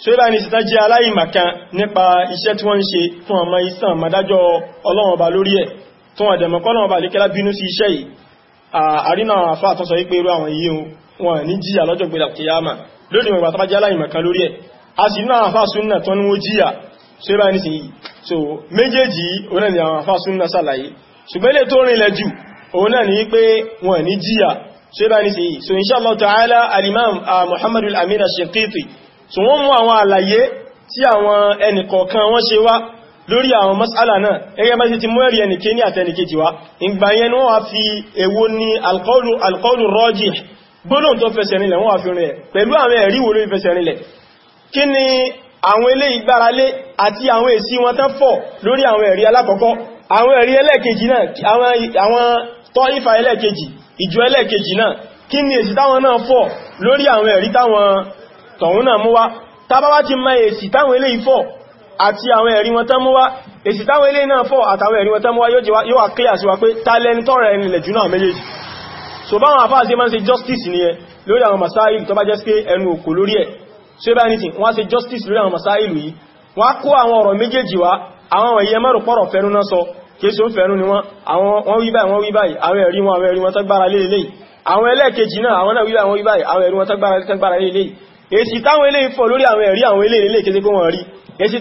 so ibà ní sita jẹ́ aláìmàkan nípa iṣẹ́ tí wọ́n ń ṣe fún ọmọ isan madájọ́ ọlọ́wọ̀n ọba lórí ẹ̀ tó wọ́n dẹ̀mọ̀kọ́ ọlọ́wọ̀n ọba lékẹ́lá bínú sí iṣẹ́ yìí àrínà àwọn àfà àtọ́sọ wípé irú àwọn yíò wọn ní jíyà lọ́jọ́ gbẹ̀dà kìyàmà lónìí wọn tàbájá aláìmọ̀ká lórí ẹ̀ a sì náà àfá súnnà ní wọ́n jíyà ṣe bá ní sí yìí so méjèèjì òun ni àwọn àfá súnnà sàlàyé ṣùgbọ́n lè tó rìnlẹ̀ jù òun náà so insha Allah Muhammadu al so wọ́n mú àwọn àlàyé tí àwọn ẹnìkọ̀ọ̀kan wọ́n ṣe wá lórí àwọn mas'ala náà ẹgbẹ́ bá ti ti mọ́rí ẹnìké ní àtẹnìké ti wá wọ́n wá fi èwo ni alqawlu alqawlu gbólóhùn tó fẹsẹ̀ nílẹ̀ wọ́n wà fi rìn ẹ̀ pẹ̀lú àwọn ẹ̀rí wo ló fẹsẹ̀ nílẹ̀ kí ni àwọn ilé ìgbáralé àti àwọn èsì wọn tán fọ̀ lórí àwọn ẹ̀rí alákọ̀ọ́kọ́ àwọn ẹ̀rí ẹlẹ́ẹ̀kejì náà àwọn tọ́ ìfà ẹlẹ́ẹ̀kejì ìjọ ẹlẹ́ẹ̀kejì náà kí ni èsì táwọn náà fọ̀ lórí àwọn ẹ̀rí táwọn tọ̀hún náà mú wá tábáwá ti mọ èsì táwọn ilé ìfọ̀ àti àwọn wa pé ta lẹni tọ́rọ ẹni so báwọn àfáà sí máa ń ṣe justice ní ẹ lórí àwọn masáìlù tó bá jẹ́ pé ẹnu òkò lórí ẹ̀ so bá ní tí wọ́n ṣe justice lórí àwọn masáìlù yìí wọ́n kó àwọn ọ̀rọ̀ méjèèjì wá àwọn èyẹ mẹ́rù pọ̀rọ̀ fẹ́nu náà sọ kéṣò fẹ́nu ni wọ́n wí báyìí wọ́n wí báyìí àwọn ẹ̀rí wọn àwọn ẹ̀rí wọn tọ́gbára lé lè àwọn ẹlẹ́ẹ̀kejì náà àwọn náà wí báyìí wọ́n wí báyìí àwọn ẹ̀rí wọn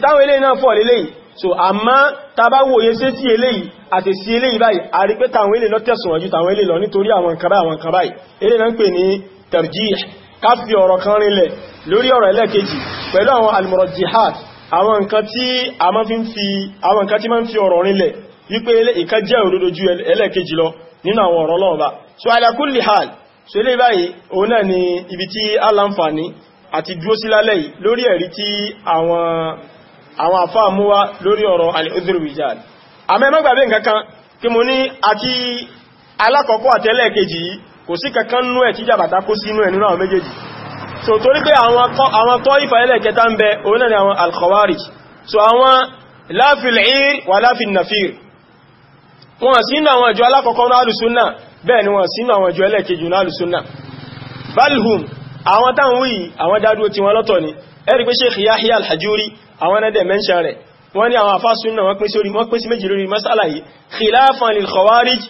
tọ́gbára lé so àmá taba wòye sí sí eléyìí àti sí eléyìí báyìí a rí pé tàwọn ilé lọ tẹ̀sùn ọjú tàwọn ilé lọ nítorí àwọn nǹkan báyìí àwọn nǹkan báyìí ilé náà ń pè ní tarjih ká fi ọ̀rọ̀ kan rinlẹ̀ lórí ọ̀rọ̀ ẹlẹ́kejì pẹ̀lú àwọn almurajjihat àwọn nǹkan tí a máa fi fi àwọn nǹkan tí máa ń fi ọ̀rọ̀ rinlẹ̀ wípé ìkà jẹ́ òdodo ju ẹlẹ́kejì lọ nínú àwọn ọ̀rọ̀ Ọlọ́run bá so ala kulli hal so ilé báyìí òun náà ni ibi tí aláǹfààní àti dúró sí lálẹ́ yìí lórí ẹ̀rí tí àwọn àwọn àfáà mú wá lórí ọ̀rọ̀ alìudurwijal amẹ́mọ́gbàbí nǹkankan kí mo ní àti alákọ̀ọ́kọ́ àtẹ́lẹ̀kejì yìí kò sí kankan nú ẹ̀ tí jàbàtà kó sínú ẹ̀ nínú àwọn méjèèjì so torí pé àwọn tọ́ ìfà ẹlẹ́kẹta ń bẹ òun ni àwọn alkhawarij so àwọn láfil'ir wà láfil'nafir wọn sínú àwọn ìjọ alákọ̀ọ́kọ́ ní alùsúnnà bẹ́ẹ̀ ni wọn sínú àwọn ìjọ ẹlẹ́kejì ní alùsúnnà balhum àwọn táwọn wíyí àwọn dádúró àwọn ẹnẹ́dẹ̀ mẹ́ṣẹ́ rẹ̀ wọ́n ní àwọn àfáà súnnà wọ́n pín sí orí wọ́n pín sí méjì lórí masala yìí khilafan lil khawarij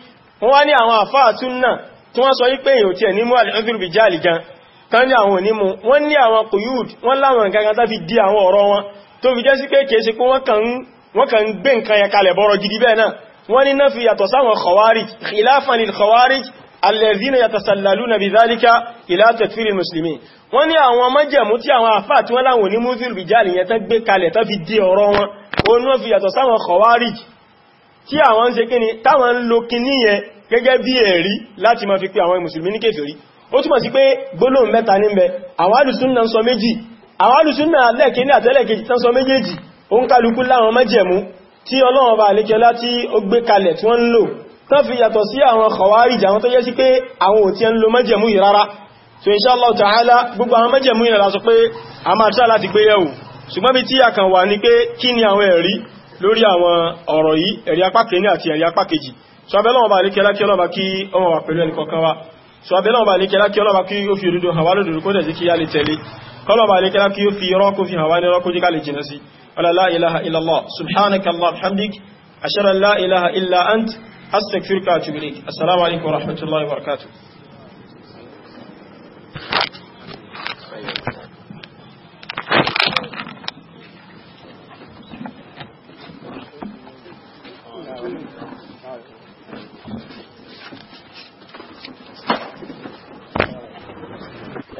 wọ́n wá ní àwọn àfáà súnnà tí wọ́n sọ wípé èyàn tí ẹ̀ nímú al-udhr bi jali gan kan ní àwọn onímú wọ́n ní àwọn quyud wọ́n láwọn nǹkan kan tá fi di alẹ́zínà yàtàsàlàlú na bí zálíkà ìlàtẹ̀ fíri musulmi wọ́n ní àwọn májẹ̀mú tí àwọn àfà tí wọ́n láwọn onímúzìl bìjáàlì yẹn tán gbé kalẹ̀ tán fi dé ọ̀rọ̀ wọn ó náà fi yàtọ̀ sáwọn khawarij tí àwọn ń ṣe kíni táwọn ń lo kíní yẹn gẹ́gẹ́ bí ẹ̀rí láti máa fi pé àwọn musulmi ní kèfèrí ó túmọ̀ sí pé gbólóhùn mẹ́ta ní bẹ àwọn tán fi yàtọ̀ sí àwọn khawarij àwọn tó yẹ sí pé àwọn òtí ẹn lo májẹ̀mú yìí rárá so inshallah ta'ala gbogbo àwọn májẹ̀mú yìí rárá sọ pé a máa ṣá láti gbé yẹ̀wò ṣùgbọ́n bí tí a kàn wà ní pé kí ni àwọn ẹ̀rí lórí àwọn ọ̀rọ̀ yìí ẹ̀rí apá kejì so abẹ́lọ́wọ̀n bá ní kẹlá kí ọlọ́ba kí ọmọ wà pẹ̀lú ẹnì kọ̀ọ̀kan wa so abẹ́lọ́wọ̀n astaghfiruka wa atubu ilayk assalamu alaikum wa rahmatullahi wa barakatuh